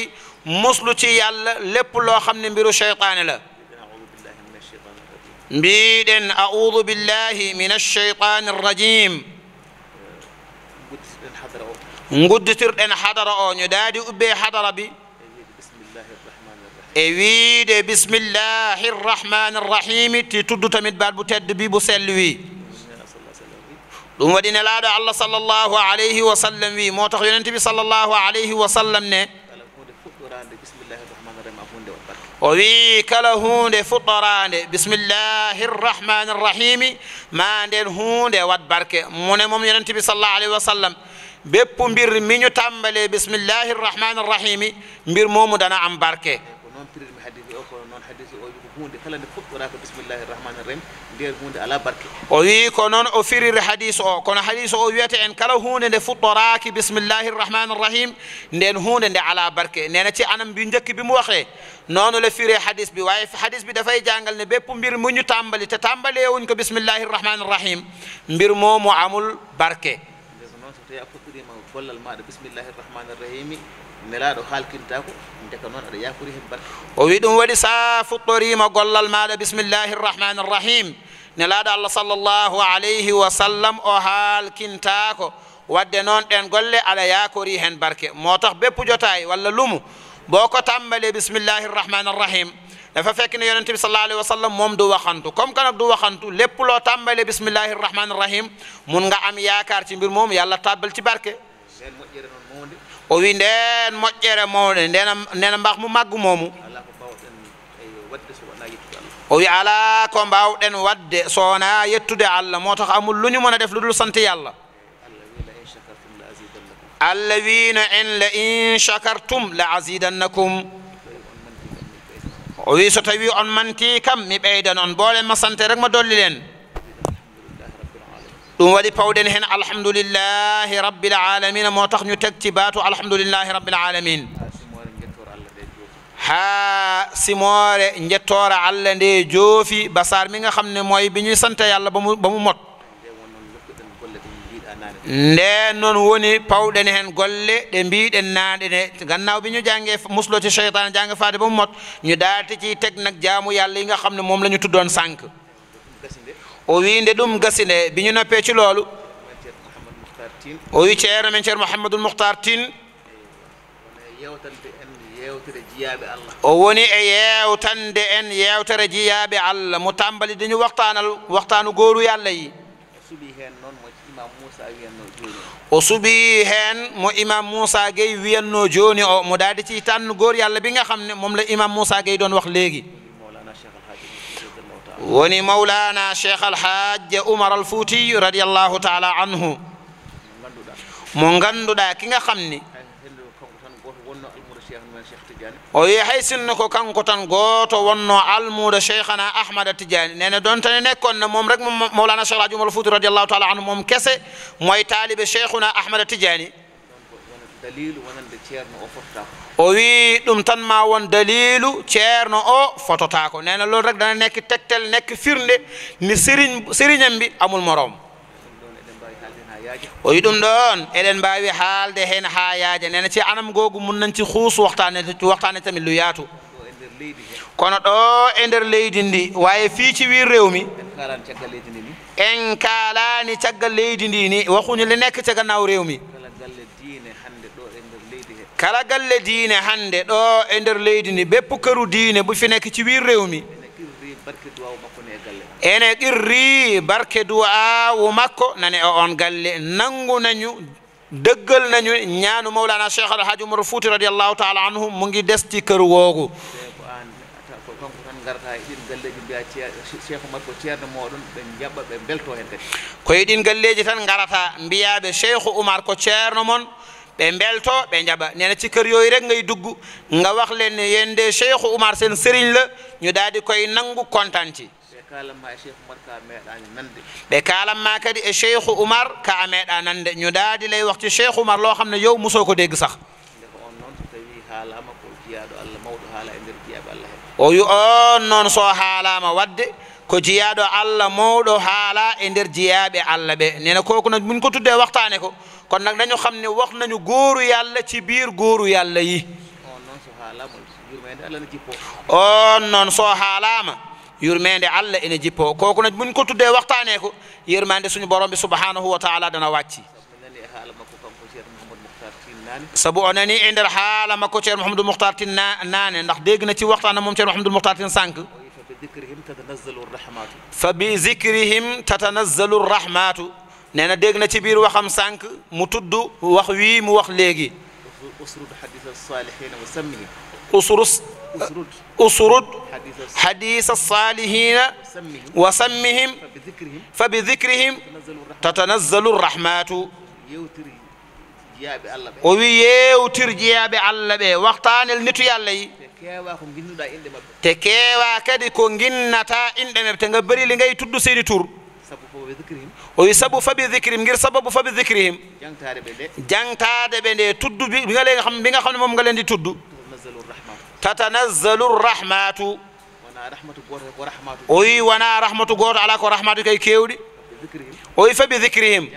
muslutii yàlla lépp loo xam ne mbiru cheytaani la بيد أعوذ بالله من الشيطان الرجيم نقدر أن حضر أن يدادي أبي حضر بي أويد بسم الله الرحمن الرحيم تتدو تمد باب تدبي بسلوي لما دين الله الله صلى الله عليه وسلم موتخ ينتبي صلى الله عليه وسلم نه وويك له هوند فطران بسم الله الرحمن الرحيم ما ندير هون واد بركة من مم ينتبه صلى الله عليه وسلم بيب مبير مينو تامبلي بسم الله الرحمن الرحيم مبير مم دنا أم بركة الرحمن الرحيم nder hunde ala barke o wi ko noon o firiri hadis o kono hadis o wiyata en kala hunde nde fuɗɗoraki bisimillahi rrahmani rrahim nden hunde nde ala barke nena ci anam bi jakki bi mu waxe noonu la firee hadis bi waaye hadis bi dafay jàngal ne bépp mbir mu ñu tàmbali te tàmbalee wuñ ko bisimillahi rrahmani rrahim mbir moomu amul barke tawi a fottirima gollal maɗa bisimillahi rrahmani rrahimi nelaɗo haalkinta ko deka noon aɗa yakori hen barke o wi ɗum waɗi sa fuɗɗorima gollal maɗa bisimillahi rrahmani rrahim nelaɗo allah sallllahu alayhi wa sallam o haalkintako wadde noon ɗen golle ala yakori hen barke motax be pujotayi walla lumu boko tambale bisimillahi rrahmani rrahim dafa fekk ne yonente bi sallallahu alayhi wa sallam moom du waxantu comme que nag du waxantu lépp loo tàmbale bisimillahi rrahmani rrahim mun nga am yaakaar ci mbir moom yàlla tàbbal ci barke o wi ndeen moƴƴere mawde ndena ndena mbax mu màgg moomu o wi alaa ko mbawɗen wadde sowona yettude allah moto ko amulluñumona def ludul sant yallah allah wino en la in chakartum la asidannakum o wi so tawi on manti kam mi ɓeydan on boolen ma sante rek ma dollilen ɗum waɗi pawɗen hen alhamdoulillahi rabbil alamina mo tax ñu teg ci baatu alhamdoulillahi rabbil alamin ha simore jettore allah nde joofi basar mi nga xam ne mooy bi ñuy sante yàlla ba mu ba mu mot nde noon woni pawɗen hen golle ɗe mbiɗen naaɗe ne gannaaw bi ñu jange muslo ci cheytan jange faade ba mu mot ñu daati ci teg nag jaamu yàlla yi nga xam ne moom la ñu tuddoon sànq o wi nde ɗum gasi nde bi ñu nappee ci loolu o wi ceeramen ceer mouhamadoul mouhtar tin o woni e yewtande en yewtere jiyaɓe allah mo tambalide ni waxtanal waxtanu goru yo allah yi o suɓi hen mo imam moussa guey wiyanno joni o mo daadi ci tan goor yallah bi nga xam ne moom la imam moussa guey don wax léegi woni maulana cheikh alhaje umar al fouti radiallahu taala anhu mo ganduɗa ki nga xam ne o haysin nako kanko tan goto wonno almuda cheikhana ahmad tijani nena don tan nekkon mom rek mom mawlana cheikh rajumul fouti radiyallahu taala anhu mom kesse moy taalibe cheikhuna ahmada tidiani o wi dum tan ma won dalilu cierno o fototako nena lol rek dana nek tektel nek firnde ni serign serignam bi amul morom o wi ɗum ɗon eɗen mbawi haalde hen haayaji nene ti anam gogu mum nanti huus waxtanete waxtanetami luyatu kono ɗo e nder leydi ndi wawi fiici wi rewmi en kalani caggal leydi ndi ni waxuñele nekk caga naw rewmi kala galle diine hande ɗo e nder leydi ndi beppu karu diine bu fi nekk ci wi rewmi ene qirri barke duwaawo makko nani o on galle nangu nañu deggal nañu ñaanu mawlana cheikh al haji umar fouti radiallahu taala anhu mu ngi desti kër woogu koye ɗin galleji tan garata mbiyaɓe cheikhu oumar ko ceerno moon ɓe mbelto ɓe jaɓa nena ci kër yooyi rek ngay duggu nga wax len yende cheikhu oumar sen sérigne la ñu daadi koye nangu contanti ɓe kalanma kadi e cheikhu oumar ka a meeɗa nande ñuɗaadi ley waktu cheikhu oumar lo xam ne yow muso ko dégg sax o wi on noon so haalama wadde ko jiyaɗo allah mawɗo haala e nder jiyaɓe allah ɓe nena koko no min ko tudde waktane ko kono nag dañu xam ne wax nañu góoru yàlla ci biir góoru yàlla yi on noon so haalama yurmende allah ene jippo koko no mun ko tudde waxtane ko yurmande suñu borom bi subhanahu wa ta'ala dana wacci sabu o nani e nder haala makko ceerno mouhamadoul mouhtar tin nane ndax dégg na ci waxtaan moom ceerno mouhamadoul mouhtar tin sànq fa bi zicrihim tatanazzalu rrahmatu nee na dégg na ci biir waxam sànq mu tudd wax wii mu wax léegi usrud أسرد حديث الصالحين وسمهم فبذكرهم تتنزل الرحمات o wi yewtir jeeyaɓe allah ɓe waktanel nitu allah yi te keewa kadi ko ginnata inɗe meɓe te nga barile ngay tuddu seeni tour o wi sabu fabi dicrim guir sababu fabi dicrihim jangtade ɓe nde tuddu mbigalega xam mbiga xam ne moom nga leen di tuddu tatanazzalu rrahmatu o wi wona rahmatu goto ala ko rahmatu kay kewɗi o wi fa bi dicrihim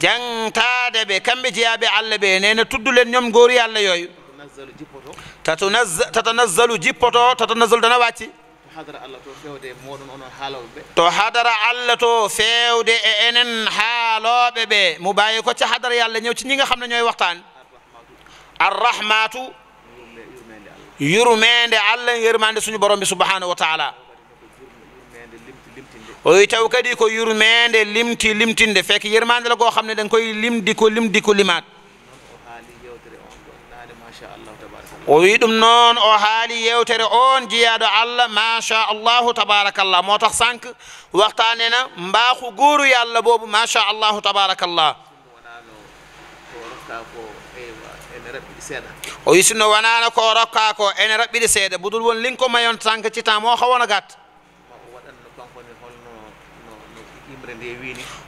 jangtade ɓe kamɓe jeeyaɓe allah ɓe nene tuddulen ñoom goori allah yoyo tatanazzalu jippoto tatanazzalu dana wacci to hadara allah to fewde e enen haaloɓe ɓe mo mbawi kocca hadara yo allah ñewci ñi nga xam ne ñooy waxtaan arrahmatu يرمند الله يرمند سني برام سبحانه وتعالى ويتاو كدي كو يرمند لمتي لمتين فك يرمند لا كو خامني دنج كو لم ديكو لم ديكو لمات ويدم نون او حالي يوتري اون جياد الله ما شاء الله تبارك الله موتاخ سانك وقتاننا مباخو غورو يالا بوبو ما شاء الله تبارك الله o wi sinno wonano ko rokka ko ene rabbide sede budul won linko mayon tan ci tan mo xawona gat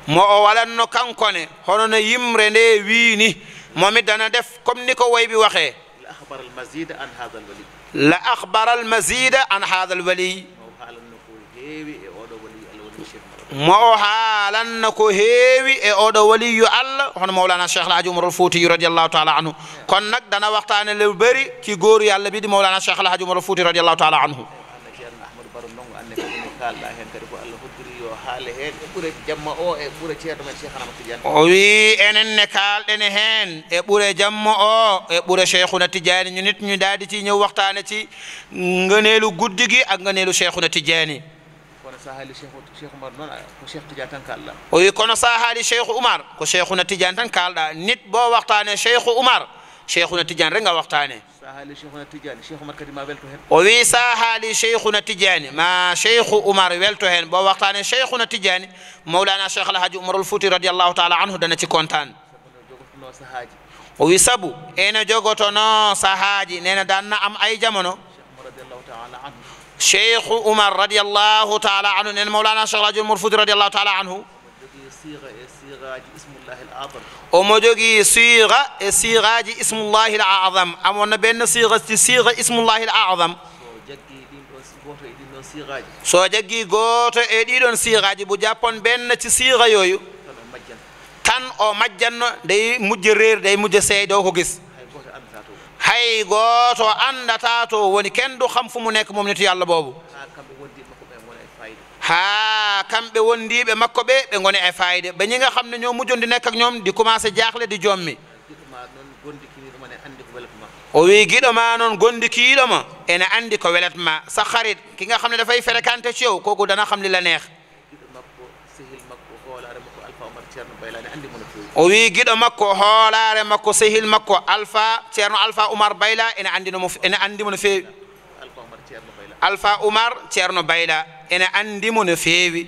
mo o waɗanno kankone hono no yimre nde wiini momi dana def comme ni ko waybi waxe la akhbar al almasida an hada alwali o haalanno ko heewi ما حالن نكو هيوي اي اودا ولي الله هون مولانا الشيخ الحاج عمر الفوتي رضي الله تعالى عنه كون نك دا وقتان لي بري كي غور يالا بي مولانا الشيخ الحاج عمر الفوتي رضي الله تعالى عنه وي انن نكال دني هن اي بوري جامو او اي بوري شيخنا تجاني نيت ني دادي وقتانتي غنيلو غودغي اك غنيلو شيخنا o wi kono sa haali cheikhu oumar ko cheikhuna tidiane tan kalɗa nit bo waxtane cheikhu oumar cheikhuna tidiane rek nga waxtane o wi sa haali cheikhuna tidiane ma cheikhu oumar welto hen bo waxtane cheikhuna tidiane mawlana cheikh alhaji oumarul fouti radiallahu taala anhu dana ci contane o wi saabu ene jogotono sahaji nena danna am ay jamono شيخ عمر رضي الله تعالى عنه مولانا شيخ رجل مرفود رضي الله تعالى عنه omo jogii siira e siiraji ismullahi l adam amonna benn siira ti siira ismullahi l adam so jaggi gooto e ɗiɗon siiraji bo jappon benn ci siira yoyu tan o majjanno day mujje reer day mujje seedo ko gis هاي غوت واندا تاتو وني كندو خامفو مو نيك موم نيتو يالله بوبو ها كامبي وندي به ماكو به به غوني اي فايده با نيغا خامن نيو موجوندي نيك اك نيوم دي كوماسي جاخله دي جومي وي غيدو ما نون غوندي كي دما انا اندي كو ولاتما سا خريت كيغا خامن دا فاي فريكانتي شيو كوكو دانا خامن لي لا نيه سهيل مكو خولار مكو الفا مرتيرن بايلاني عندي o wi giɗo makko hoolare makko sehil makko alpha ceerno alpha oumar bayla ene andinomo ene andimo no feewi alpha oumar ceerno bayla ene andimo no feewi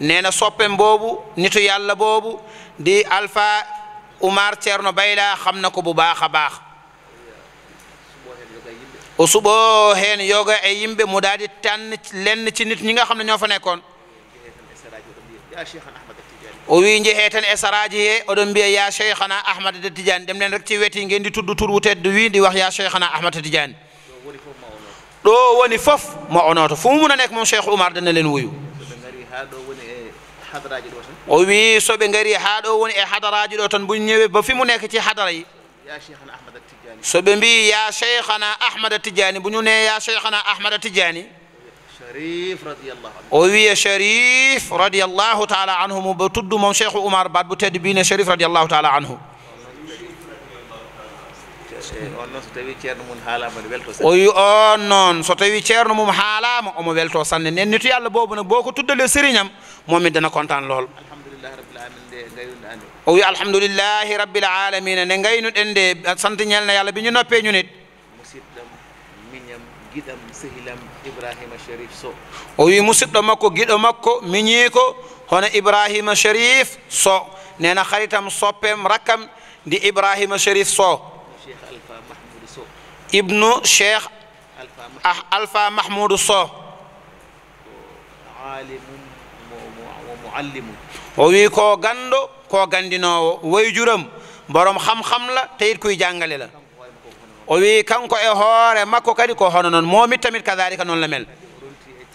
nena soppen boobu nitu yalla boobu di alpha oumar ceerno bayla xam na ko bu baax a baax o suɓo heen yoga e yimɓe mo daadi tan lenn ci nit ñi nga xam ne ñoo fa nekkoon o wi jehee he oɗon biya ya cheikhana ahmada tidiane ɗemɗen rek ci weti gen di tudd tur wutedde windi wax ya cheikhana ahmada tidiane ɗo woni fof ma onoto fo mumuna nek moom cheikh oumar dana len woyu o wi soɓe gari ha ɗo woni e hadaraji ɗo tan bu ñewe ba fi mu nekk ci hadara yi soɓe mbi ya cheikhana ahmada tidiane bu ñu ne ya cheikhana ahmada tidiane شريف رضي الله عنه اوي شريف رضي الله تعالى عنه بتد مام شيخ عمر بعد بتد بين شريف رضي الله تعالى عنه اوي اونن سوتوي تشيرن موم حالام اومو ويلتو سان نين نيتو يالله بوبو نك بوكو تودل سيرينم مومي دنا كونتان لول اوي الحمد لله رب العالمين نغي نود اند سانت نيل نا يالله بي ني نوبي ني نيت سيدم مينم غيدم سهيلم ابراهيم sharif so o wi musidɗo makko giɗo makko miñiko hono ibrahima sharif so nena haritam soppem rakkam ndi ibrahima sharif so ibnu cheikh alpha mahmoudou ah, so o wi ko gando ko gandinowo woyjuram borom xam xam la teyit koye jangale la o wi kanko e hoore makko kadi ko hono noon momit tamit kadarika noon la mel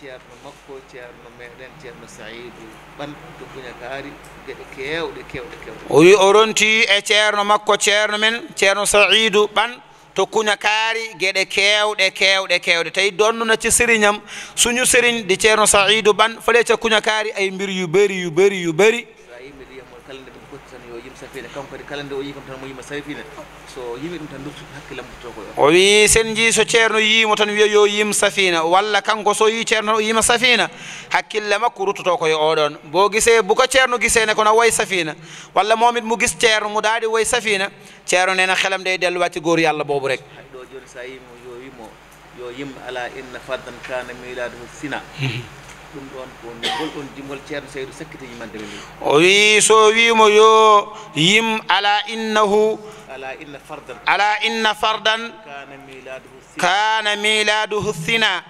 ceerno makko ceerno meɗen ceerno saidu ɓantu guñataari geɗe kewɗe kewɗe kewɗe o wi o ronti e ceerno makko ceerno men ceerno saidu ɓan to kuña kaari geɗe kewɗe kewɗe kewɗe tawi donno nacci sérigne am suñu sérigne di ceerno saidou ban falecca kuña kaari ay mbir yu bëri yu bëri yu bëri sa yimi ndiyamo kalande ɗum kotti tan yo yim safine kanko kadi kalande o yi kam tan mo yima safine o wi sen ji so ceerno yiimo tan wiya yo yim safina walla kanko so yi ceerno tan o yima safina hakkille makko ruttoto koye oɗon bo gise buka ceerno gisene kono way safina walla momit mo gis ceerno mo daaɗi way safina ceerno nena xelam nde del watti goor yallah boobu rek yim ala inna faddan kana miladuhu sina ɗum ɗon kongol on dimgol ceerno seydo sakkita yimandemi o wi so wimo yo yim ala <laughs> innahu ألا إن فردا ألا إن فردا كان ميلاده كان ميلاده الثنا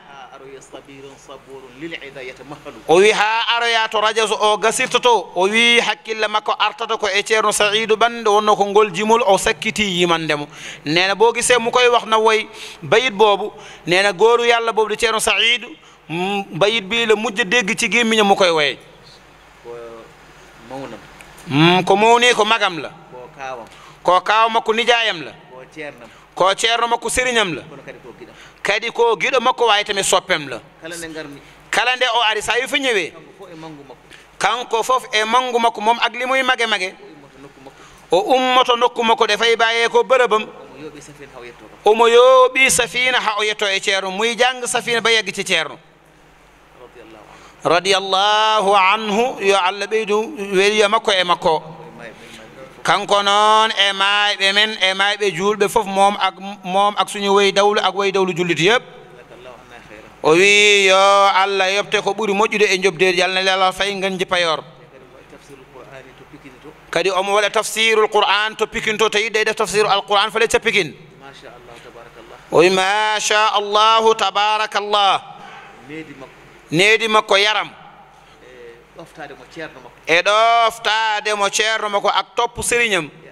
o wi ha aroya to radio so o gasirtoto o wi hakkille makko artata ko e ceerno saidou bande wonno ko ngol jimol o sakkiti yimandemo nena bo gise mu koye wax na woy bayit boobu nena gooru yàlla boobu de ceerno saidou bayit bi la mujj dégg ci gémmiña mu koy woye ko mawni ko magam la ko kawam ko kaw makko nijaayam la ko cierno makko serignam la kadi ko gido makko way tami soppem la kala nde o ari sa wi fo ñewe kanko fof e mangu makko mom ak limuy mage mage o ummato nokku makko de fay baye ko bërëbam o omo yooɓi safina ha o yeto e cierno muy jang safina ba yegg ci cierno radiallahu anhu yo allah ɓeydu weliyo makko e makko kanko non e maybe men e maybe julbe fof mom ak mom ak suñu way dawlu ak way dawlu julit yeb o wi yo allah yoɓte ko buri mojjude e jobdeede yalna la fay ji payor kadi omo wala tafsirul qur'an to pikinto to yiɗde de tafsiru alquran fale cappikin o wi macha allahu tabarakallah needi makko yaram ɗoftade mo ceerno makko e ɗoftaade mo ceerno makko ak topp sériñam e, e,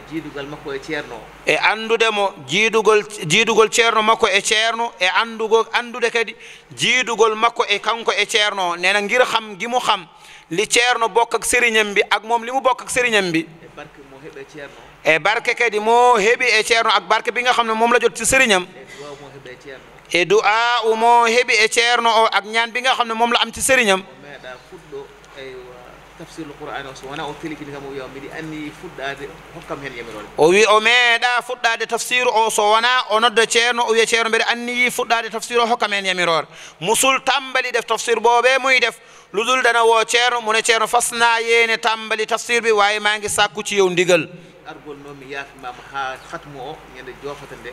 e, e anndude mo jiidugol jiidugol ceerno makko e ceerno e anndugo anndude kadi jiidugol makko e kanko e ceerno o nena ngir xam gi mu xam li ceerno bokkak sériñam bi ak moom li mu bokkak sériñam bi e barke kadi moo heɓi e ceerno ak barke bi nga xam ne moom la jot ci sériñam e du'a u mo heɓi e ceerno o ak ñaan bi nga xam ne moom la am ci sëriñam o wi o meeɗa fuɗɗade tafsiru o so wona o nodda ceerno o wiya ceerno mbeɗe anniyi fuɗɗade tafsiru o hokkam hen yamirore musul tambali def tafsiru booɓe muy def ludul dana wo ceerno mune ceerno fasna yeene tambali tafsir ɓe wawi magi sakku ci yew ndigal argol noon mi yafimama ha hatmu o ñande jofata nde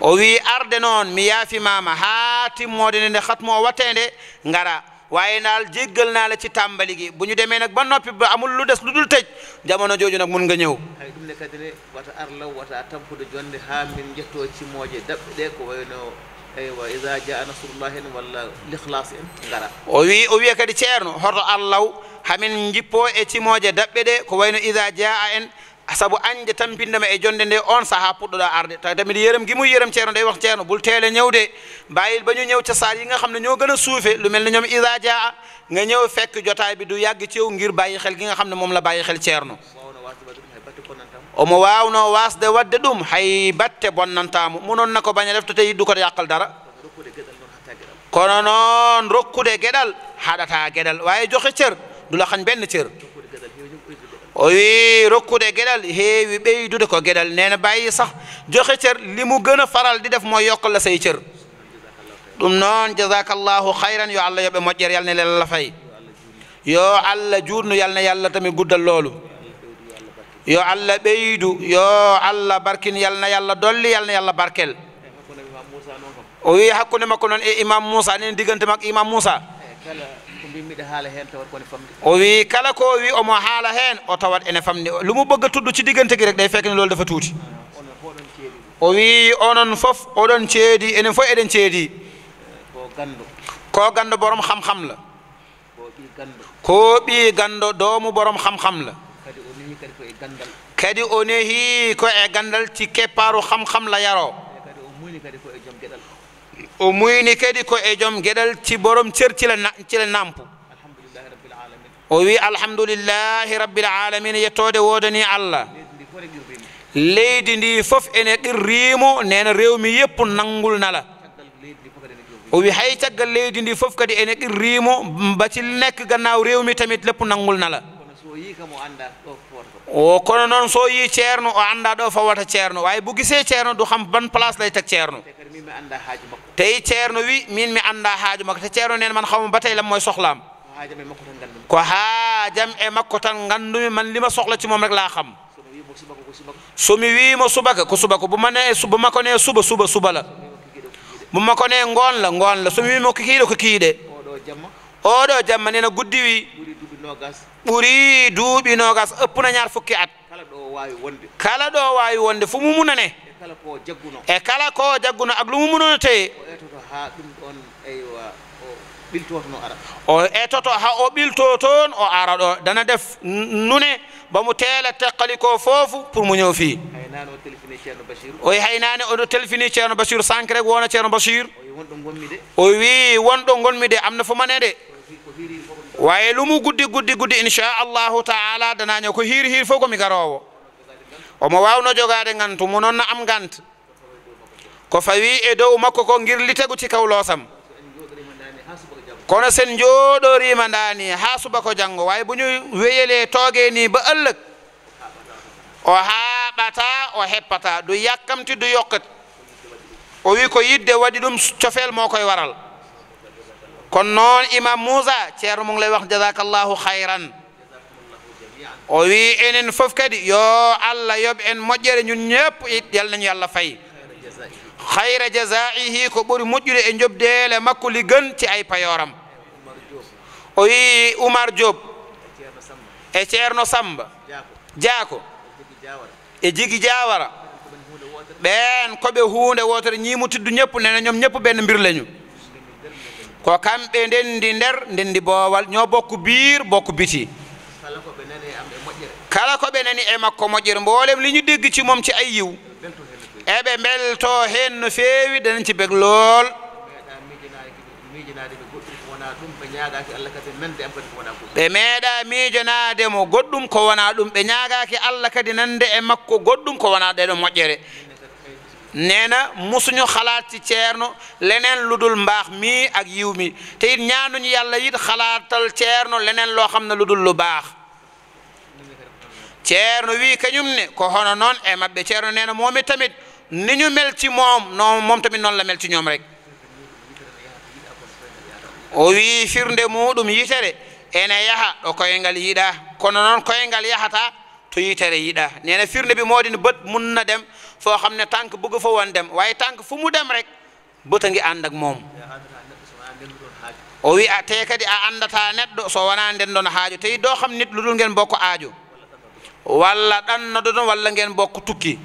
o wi arde noon mi yaafimama ha timmode nde nde hatmo watede gara wayinal jiggal nale ci tambaligi buñu deme nag ba noppi ba amul lu des ludul tej jamono joju nag mun nga ñëw hay ɗum ne kadi ne wata arlaw wata tampude jonde ha min jetto cimmoje daɓɓe ɗe ko wayno eywa ida jaa nasrullah en walla l'ihlas en gara o wi o wiya kadi ceerno horto arlaw hamin jippo e cimoje daɓɓe ɗe ko wayno ida jaa en sabu annde tampindema e jonde nde on saha puɗɗoɗa arde tawi tami yerem gimuy yerem ceerno nde wax ceerno bul teele ñewde mbayil bañu ñew cosaar yi nga xam ne ñoo gën a suufe lu mel ne ñoom isa dia nga ñëw fekk jotaay bi du yàgg ceew ngir bàyyi xel gi nga xam ne moom la bàyyi xel ceerno omo waawno waas de wadde ɗum hay batte bonnantaamu munoon na ko bañ a def to teyi du ko yàqal dara kono noon rokkude geɗal haɗataa geɗal waaye joxe cër du la xañ benn cër o wi rokkude geɗal heewi ɓeydude ko geɗal nena bàyyi sax joxe cër li mu faral di def mooy yokkal la say cër ɗum noon jasakallahu xayran yo allah yoɓe moƴƴere yal ne lella fay yo allah juutnu yal yàlla tamit guddal loolu yo allah ɓeydu yo allah barkin yalna yàlla dolli yalna yàlla barkel o wi hakkunde makko noon e imam musa nen digante makko imam musa o wi kala ko wi omo haala heen o tawat ene famdi lumu ɓogga tuddu ci digantegi rek ɗay feekne lol dafa tuuti o wi onon fof oɗon ceedi enen fof eɗen ceedi ko gando borom xam xam la ko ɓi gando domu borom xam xam la e kadi o nehi ko e gandal ci kepparu xam xam la yaro e o muyni kadi ko e joom geɗel tiborom certila cila nampo o wi alhamdoulillahi rabbilalamina yettode wodani allah leydi ndi foof ene ɗirrimo nena rewmi yeppu nangul nala o wi hay caggal leydi ndi foof kadi ene ɗirrimo batil nek gannaw rewmi tamit leppu nangul nala o kono noon so yi ceerno o anda ɗo fawata ceerno way bo gise ceerno du xam ban place lay tag ceerno tey ceerno wi min mi annda haaju makko te ceerno nen man xawma batay lam mooy soxlaam ko haajam e makko tan nganndumi man li ma soxla ci moom rek laa xam so mi wiimo subaka ko subako bu ma ne bu ma ko nee suba suba suba la bu ma ko nee ngoon la ngoon la so mi wiimo ko kiide ko kiide oo ɗo jamma nena guddi wi ɓuri duuɓi noogas ëpp na ñaar fukki at kala ɗo waawi wonde fu mu mun a nee e kala ko jagguno aglumumunote o etoto ha o ɓilto toon o ara ɗo dana def nune bamo teele teqali ko foofu pour mo ñoo fii oyi haynaani ono telfini ceerno basir sankre wona ceerno basir o wii wonɗo gonmi de amna fo mane de waye lumu guddi guddi guddi inchallahu taala danañoo ko hiiri hiiri fof komi garoowo omo wawno jogade gantu mo noon am ganta ko fawi e dow makko ko girli tagu ci kawlosam kono sen joɗorima dani ha suba ko janggo way buñu weyele toogue ni ba ëllëg o haɓata o heppata du yakkamti du yokkat o wi ko yidde waɗi ɗum cofel mo koye waral kon noon imam mousa ceerno mum lay wax jasakallahu hayran o wi enen foof kadi yo allah yoɓ en moƴƴere ñun ñepp yalnañ allah fayi hayra jasaihi ko ɓuuri moƴƴude e jobdeele makko liggan ci ay payoram o wi oumar diob e ceerno samba jaako e jigi jawara ɓen koɓe hunde wotere ñimutiddu ñepp nene ñom ñepp ɓenne mbirleñu ko kamɓe ndendi nder ndendi boowal ño bokku biir bokku biti kala ko ɓe nani e makko moƴƴere mboolem liñu deggi ci mom ci ay yiw eɓe mbelto hen no feewi ɗanen ci ɓeg lool ɓe meeɗa miijonaade mo goɗɗum ko wona ɗum ɓe ñaagaaki allah kadi nande e makko goɗɗum ko wona ɗeɗo moƴƴere nena musuñu xalaatci ceerno lenen ludul mbaax mi ak yiw mi te it ñaanuñu yàlla yit xalaatal ceerno lenen loo xam ne ludul lu baax ceerno wi kañumne ko hono noon e maɓɓe ceerno neno momi tamit niñu melti moom no mom tamit noon la melti ñoom rek o wi firnde muɗum yitere ene yaha ɗo koyengal yiɗa kono noon koyengal yahata to yitere yiɗa nena firnde bi moɗi ne bat munna dem fo xam ne tank bugg fo won dem way tank fu mu dem rek bata ngi àndak moom o wi te kadi a andata neɗɗo so wona nden ɗon haajo tawi do xam nit lu dul ngen bokko aajo walla dan ɗannoɗo do walla ngeen bokku tukki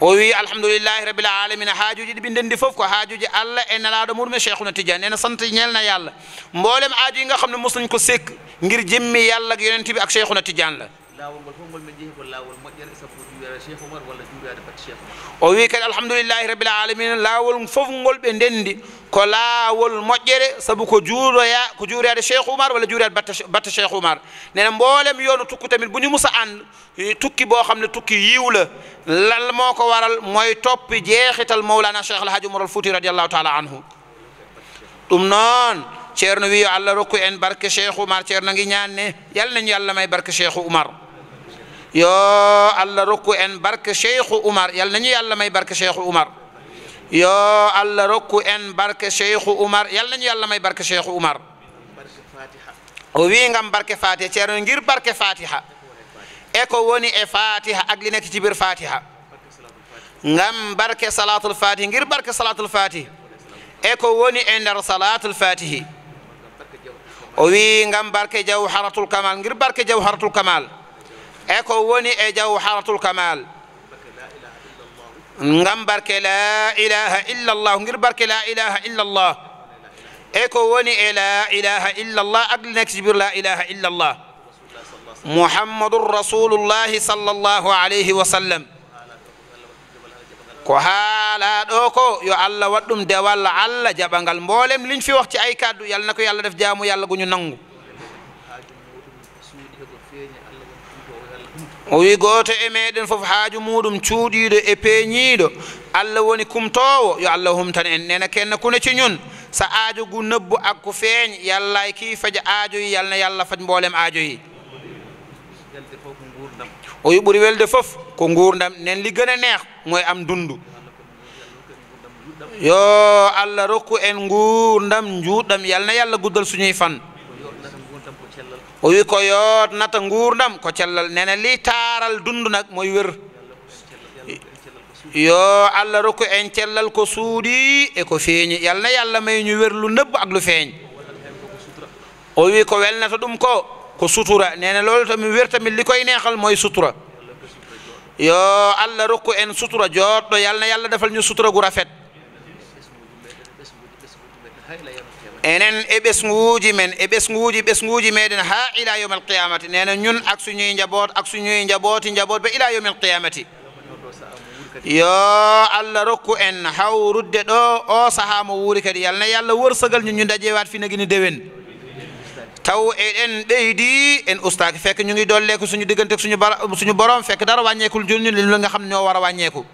o wi alhamdoulillahi rabbil alamin haajuji ɗi ɓi ndendi fof ko haajuji allah e nelaɗo murme e cheikhuna tidiane ene santa ñelna yallah mbolem yi nga xamne musuñ ko sek ngir jemmi yalla ko yonentiɓe ak cheikhuna tidiane la lawol ngol fof ngol min jeehi ko lawol moƴƴere sabu ko juwiyade cheikh oumar walla juwiyade bat cheikh o wi kadi alhamdulillahi rabbil alamina laawol fof ngol ɓe ndendi ko laawol moƴƴere sabu ko juuroya ko juuroyade cheikh oumar walla juuroyade batta cheikh oumar nene mboolem yoonu tukku tamit bu ñu musa ànd tukki boo xam ne tukki yiw la lan moo ko waral mooy toppi jeexital mawlana cheikh alhaji umar al fouti radiallahu taala anhu ɗum noon ceerno wi yo allah rokku en barke cheikh oumar ceerno ngi ñaan ne yal nañu yàlla may barke cheikh oumar يا الله ركو ان برك شيخ عمر يال نني يالله ماي برك شيخ عمر يا الله ركو ان برك شيخ عمر يال نني يالله ماي برك شيخ عمر برك فاتحه وي غام برك فاتحه تيرو غير برك فاتحه اكو وني اي فاتحه اك لي نك تي بير فاتحه غام برك صلاه الفاتحه غير برك صلاه الفاتحه اكو وني ان در صلاه الفاتحه وي غام برك جوهره الكمال غير برك جوهره الكمال eko woni e jawharatul kamal ngam barke la ilaha illallah ngir barke la ilaha illallah eko woni e la ilaha illallah ak li nekk ci biir la ilaha illallah muhammadun rasulullahi sallllahu alayhi wa sallam ko haalaɗo ko yo allah waɗ ɗum dewal allah jaɓangal mbolem liñ fi wax ci ay kaddu yalla na ko yàlla def jaamu yàlla gu ñu nangu o wi goto e meɗen foof haaju muɗum cuuɗiɗo e peeñiɗo allah woni kumtowo yo allah humtan en nena kenna kune ciñun sa aajo gu nebbu akko feeñ yalla e ki faja aajoyi yalna yalla faj mboolem aajoyi o wi ɓuri welde foof ko gurdam nen li gëna neex moy am dundu yo allah rokku en gurdam juuɗɗam yalna yalla guddal suñuy fan o wi ko yo nata gurdam ko cellal nene li taaral dundu nag mooy wér yo allah rokku en cellal ko suuɗi e ko feeñi yal na yàlla may ñu wér lu nëbb ak lu feeñ o wi ko welnata ɗum ko ko sutura nene loolu tamit wér tamit li koy neexal mooy sutura yo allah rokku en sutura jooɗɗo yal na yàlla defal ñu sutura gu rafet enen e ɓesnguuji men e ɓesnguuji ɓesnguuji meden ha ila yowmal qiyamati nena ñun ak suñuy njabot ak suñuy njabooti njabot be ila yowmal qiyamati yo alla rokku en hawrudde do o saha mo wuri kadi yalna yo allah worsagal ñun ñu dajewaat finagini dewen taw en ɓeydi en ustaak fek ñu ngi dolle ko suñu digeentek suñu suñu borom fek dara wañeekul jul ñu li nga xam ño wara wañeeku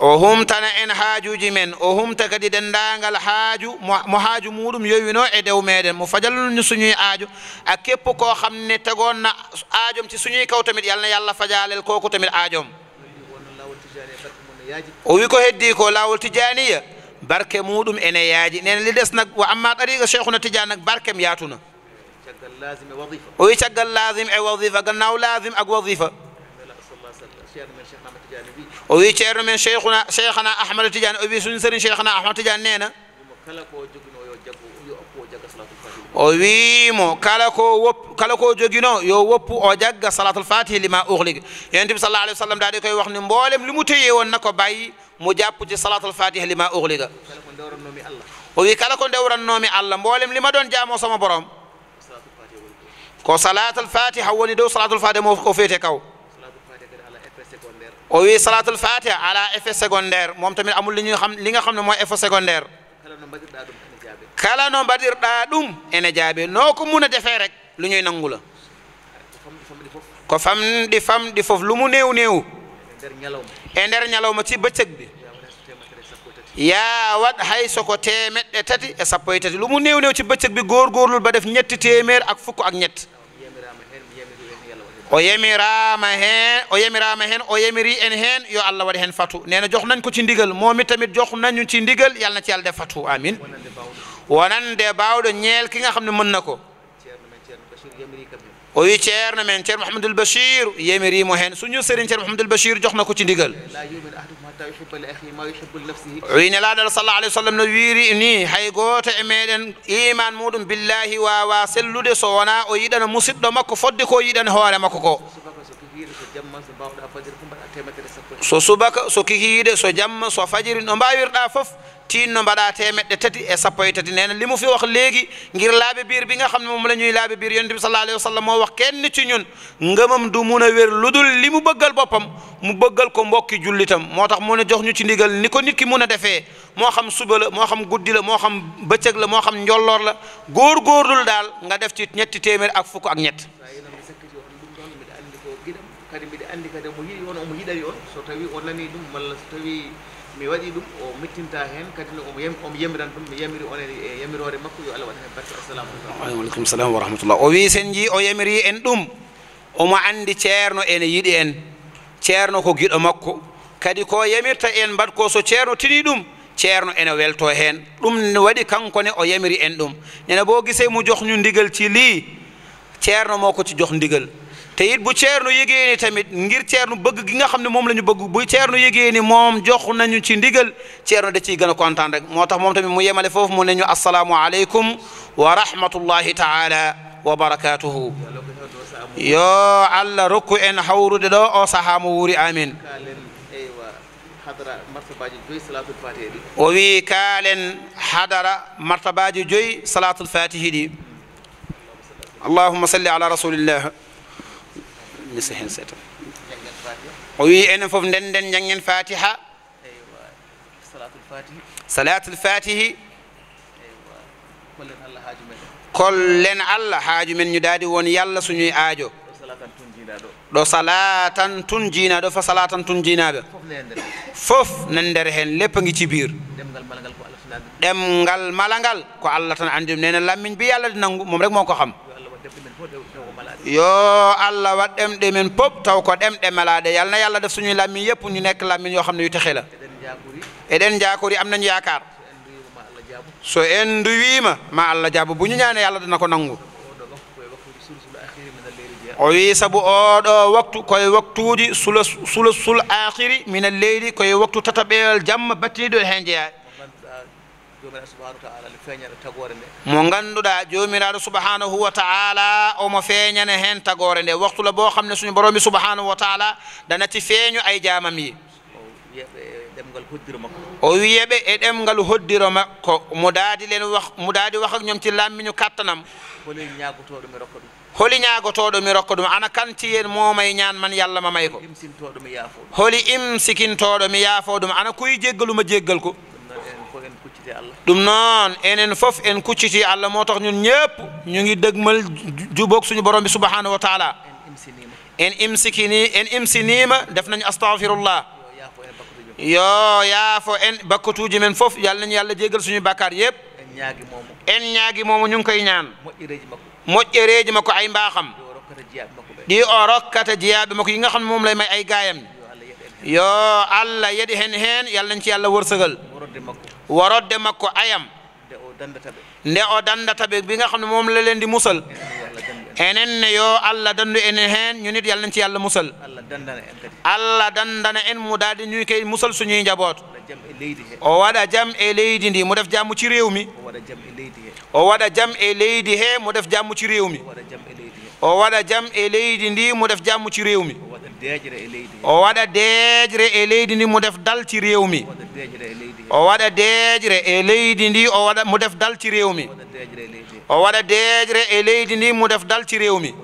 o humtana en haajuji men o humta kadi dendagal haaju mo haaju muɗum yowino e dew meɗen mo fajalluni suñuy aajo a keppu ko xamne tagonna aajom si suñuy kaw tamit yalna yallah fajalel koko tamit aajom o wi ko heddi ko lawol tidianiya barke muɗum ene yaaji nene li des nag wa amma ɗariga cheikhuna tidia nag barkem yaatuna e o wi caggal lasim e wadifa gannaw lasim ak wadifa أو يشير من شيخنا شيخنا أحمد تجاني أو يسنسر شيخنا أحمد تجاني أنا أو يمو كلكو وب كلكو جوجينو يو وب أجاك صلاة الفاتحة لما أغلق ينتبه يعني صلى الله عليه وسلم داري كي يوقن بولم لمتي يوان نكو باي مجابو جي صلاة الفاتحة لما أغلق أو يكلكو دور النومي الله بولم لما دون جامو سما برام كو صلاة الفاتحة وني دو صلاة الفاتحة موفكو فيتكو o wi salatul fatiha ala effet secondaire mom tamit amul li ñu xam li nga xam ne mooy effet secondaire kala no mbadirɗa ɗum ene jaabe noo ko mun a defee rek lu ñuy nangu la ko fam di fam di foof lu mu néew néew e nder ñalaw ma e ci bëccëg bi yaa wat e hay soko teemeɗɗe tati e sappo e tati lu mu néew néew ci bëccëg bi góor góorlul ba def ñetti téeméer ak fukk ak ñett o yamirama hen o yamirama hen o yamiri en hen yo allah waɗi hen fatu nena jox nañ ko ci ndigal momi tamit jox nañu ci ndigal yalla na ci yalla def fatu amin wonande bawɗo ñeel ki nga xam ne mën na ko o wi ceerno men ceerno mouhamadoul bachir yamirimo hen suñu sëriñ ceerno mouhamadoul bachir jox na ko ci ndigal حتى يحب لأخي ما يحب لنفسه عين الله صلى الله عليه وسلم نويريني حي قوت عميدن إيمان مودن بالله وواصل لدي صونا ويدن مسيد مكو فدكو ويدن هوار مكو سو سبك سو كهير سو جم سو فجر نمبا ويرتا فف tinno mbaɗa temeɗɗe tati e sappo e tati nene limu fi wax léegi ngir laabe biir bi nga xam ne moom la ñuy laabe biir yonent bi sallallahu alayhi wa sallam moo wax kenn ci ñun ngëmam du mun a wér lu dul li mu bëggal boppam mu bëggal ko mbokki jullitam moo tax mu ne jox ñu ci ndigal ni ko nit ki mun a defee moo xam suba la moo xam guddi la moo xam bëccëg la moo xam njolloor la góor góorlul daal nga def ci ñetti téeméer ak fukk ak ñett kadi mbiɗa anndi kadi omo yiɗi on omo yiɗawi on so tawi o nani ɗum walla so tawi mi waɗi ɗum o mettinta heen kadi no omo omo yemiran ɗum mi yamiri onen e yamirore makko yo allah waɗa heen barke assalamualeykum aleykum salam wa rahmatullah o wi sen ji o yamiri en ɗum omo anndi ceerno ene yiɗi en ceerno ko giɗo makko kadi ko yamirta en mbat ko so ceerno tini ɗum ceerno ene welto heen ɗum waɗi kankone o yamiri en ɗum nene bo gise mo jox ñu ndigal ci lii ceerno mo ko ci jox ndigal تيت نو تيرنو ييغيني تاميت غير تيرنو بوغ كيغا خامني موم لاني بوغ بو تيرنو ييغيني موم جوخو نانيو سي نديغال نو داتي غانا كونتان رك موتاخ موم تامي مو يمالي فوف مو نانيو السلام عليكم ورحمه الله تعالى وبركاته يا الله ركو ان حور دو او صحامو وري امين وفي كالن حضر مرتبات جوي صلاة الفاتحة دي اللهم صل على رسول الله lissa hen seeɗa o wi enen foof ndenden janggen fatiha salatul fatihi kollen allah haaju men ñudaadi won yalla suñuy aajo ɗo salatan tun jiinaɗo fa salatan tun jiinaɓe fof nan nder hen leppa ngi cibir ɗemgal mala ngal ko allah tan andi ɗum nene lammin mbi yalla de nanngu mom rek moo ko xam yo allah wat ɗemɗe men pop taw ko ɗem ɗemalade yalna yallah def suñu lammin yépp ñu nekk lammin yo xam ne yute xela eɗen jakori am nañu yakar so en duwima ma allah jaabu bu ñu ñaane yallah dana ko nangu o wi saabu oɗo waktu koye waktuji sulasul akhiri minal leydi koye waktu tataɓeyol jamma battiniɗo hen jeeya mo ganduɗa jomiraɗo subahanahu wa taala omo feeñane hen tagore nde waktula bo xam ne suñu boromi subahanahu wa taala danati feeño ay jamam yi o wiyeɓe e ɗemgal hoddiro makko mo daadi len wa mo daadi waka ñom ti lammiñu kattanam holi ñagotoɗo mi rokka ɗum ana kantiyen momay ñan man yallah ma may ko holi imsikintoɗo mi yaafo ɗum ana kuy jeggaluma jeggal ko ɗum noon enen fof en kucciti allah moo tax ñun ñëpp ñu ngi dëgmal juboog suñu borom bi subhanahu wa taala en imsikini en imsinima def nañu astahfirullah yo yaafo en bakkotuji men fof yal nañu yàlla jégal suñu bakkaar yëpp en ñaagi moomo ñu ngi koy ñaan moƴƴereeji makko ay mbaaxam ɗi o rokkata jeyaaɓe makko yi nga xam ne moom lay may ay gaayam yo allah yeɗi hen heen yal nañ ci yàlla wërsëgal warodde makko ayam nde o dandata ɓe bi nga xam ne moom la leen di musal enen ne yo allah dandu enen heen ñu nit yàlla nañ ci yàlla musal allah dandana en mu daal di ñuy koy musal suñuy njaboot o waɗa jam e leydi ndi mu def jàmm ci réew mi o waɗa jam e leydi he mu def jàmm ci réew mi o waɗa jam e leydi ndi mo def jàmm ci réew mi o waɗa deejre e leydi ndi mo def dal ci réew mi o waɗa deejre e leydi ndi o waɗa mo def dal ci réew mi o waɗa deejre e leydi ndi mo def dal ci réew mi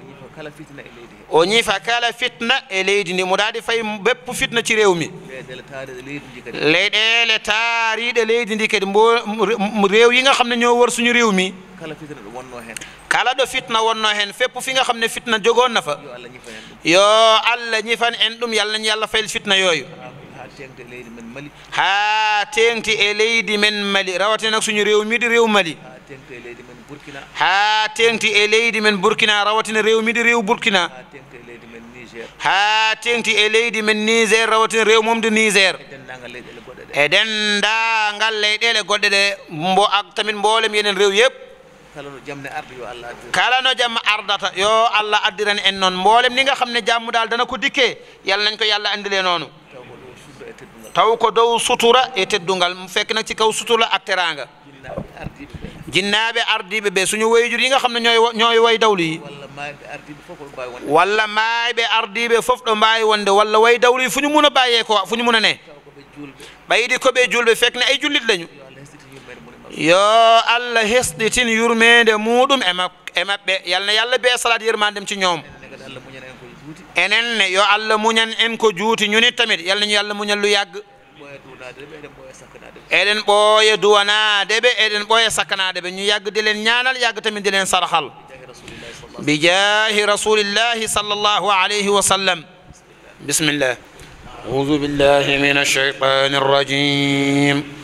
o ñiifa kala fitna e leydi ndi mo daadi fay beppu fitna ci réew mi leyɗeele taariiɗe leydi ndi kadi mbo réew yi nga xam ne ñoo wor suñu réew kala fitna ɗo wonno hen kala ɗo fitna wonno hen feppu fi nga xam ne fitna jogon nafa yo allah ñifan en ɗum yalla ñi allah fayl fitna yooyu ha tengti e leydi men mali e rawate nak suñu rew miɗi rew mali ha tengti e, e leydi men burkina rawatina rew miɗi rew burkina ha tengti e, e leydi men niger rawatina rew momde niger e dendangal leyɗele goɗɗe ɗe mbo ak tamin mbolem yenen rew yeb kalano jamne arde ardata yo allah addirani en non mbolem ni nga xamne jam dal dana ko dikke yàlla nañ ko yàlla andile noonu taw ko do sutura e teddungal mu fek nag ci kaw sutura ak teranga jinnabe ardibe be suñu wayjur yi nga xamne ñoy ñoy way dawli wala walla maayɓe ardiɓe fof do mbawi wonde wala way dawli fuñu mëna bayé ko fuñu mëna né bayidi ko be julbe fek fekk ne ay julit lañu yo allah hesɗitin yurmede muɗum e maɓɓe yalno yallah be salat yirmande ɗum ci ñoom enenne yo allah muñan en ko juuti ñunit tamit yalno ñu allah muñan lu yagg eɗen ɓooya duwanade ɓe eɗen ɓooya sakkanade ɓe ñu yagg dilen ñaanal yagg tamit dilen sarhal bi jahi rasulillahi sallllahu alayhi wa sallam bismillah audu billahi min alcheitan arrajim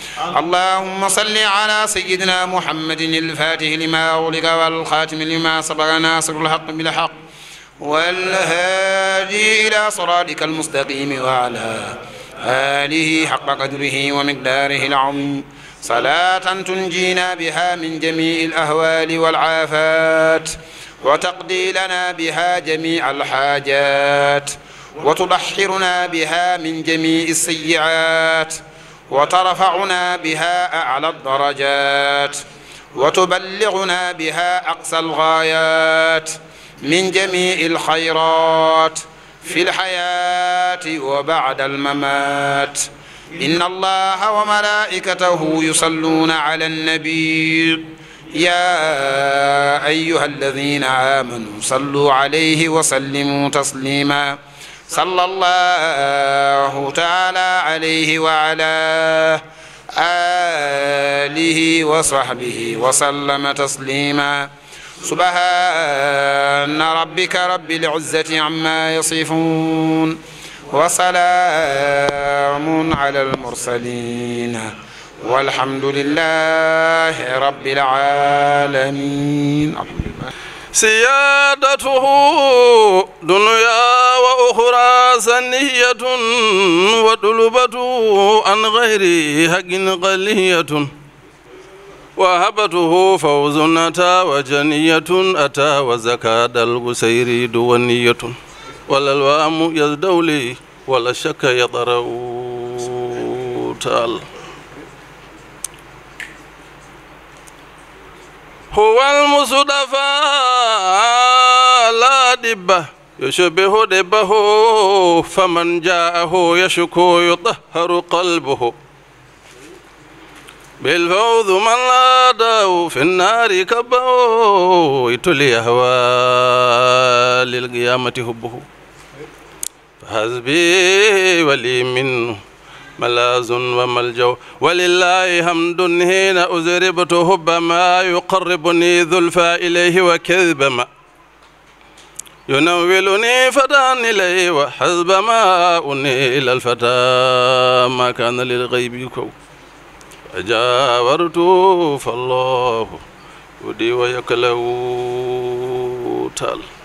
اللهم صل على سيدنا محمد الفاتح لما أغلق والخاتم لما سبق ناصر الحق بالحق والهادي إلى صراطك المستقيم وعلى آله حق قدره ومقداره العظيم صلاة تنجينا بها من جميع الأهوال والعافات وتقضي لنا بها جميع الحاجات وتبحرنا بها من جميع السيئات وترفعنا بها أعلى الدرجات وتبلغنا بها أقصى الغايات من جميع الخيرات في الحياة وبعد الممات إن الله وملائكته يصلون على النبي يا أيها الذين آمنوا صلوا عليه وسلموا تسليماً صلى الله تعالى عليه وعلى آله وصحبه وسلم تسليما سبحان ربك رب العزة عما يصفون وسلام على المرسلين والحمد لله رب العالمين سيادته دنيا وأخرى سنية وطلبته عن غير حق قلية وهبته فوز أتى وجنية أتى وزكاة القسير دونية ولا الوام يزدولي ولا الشك يطرأ تعالى هو المصطفى لا دبة يشبه دبه فمن جاءه يشكو يطهر قلبه بالفوز من لاده في النار كبه يتلي أهوى للقيامة هبه فحسبي ولي منه ملاذ وملجا ولله حمد حين أزربت هب ما يقربني ذلفا إليه وكذب ما ينولني فتى إليه وحزب ما أني إلى الفتى ما كان للغيب كو جاورت فالله ودي ويكله تال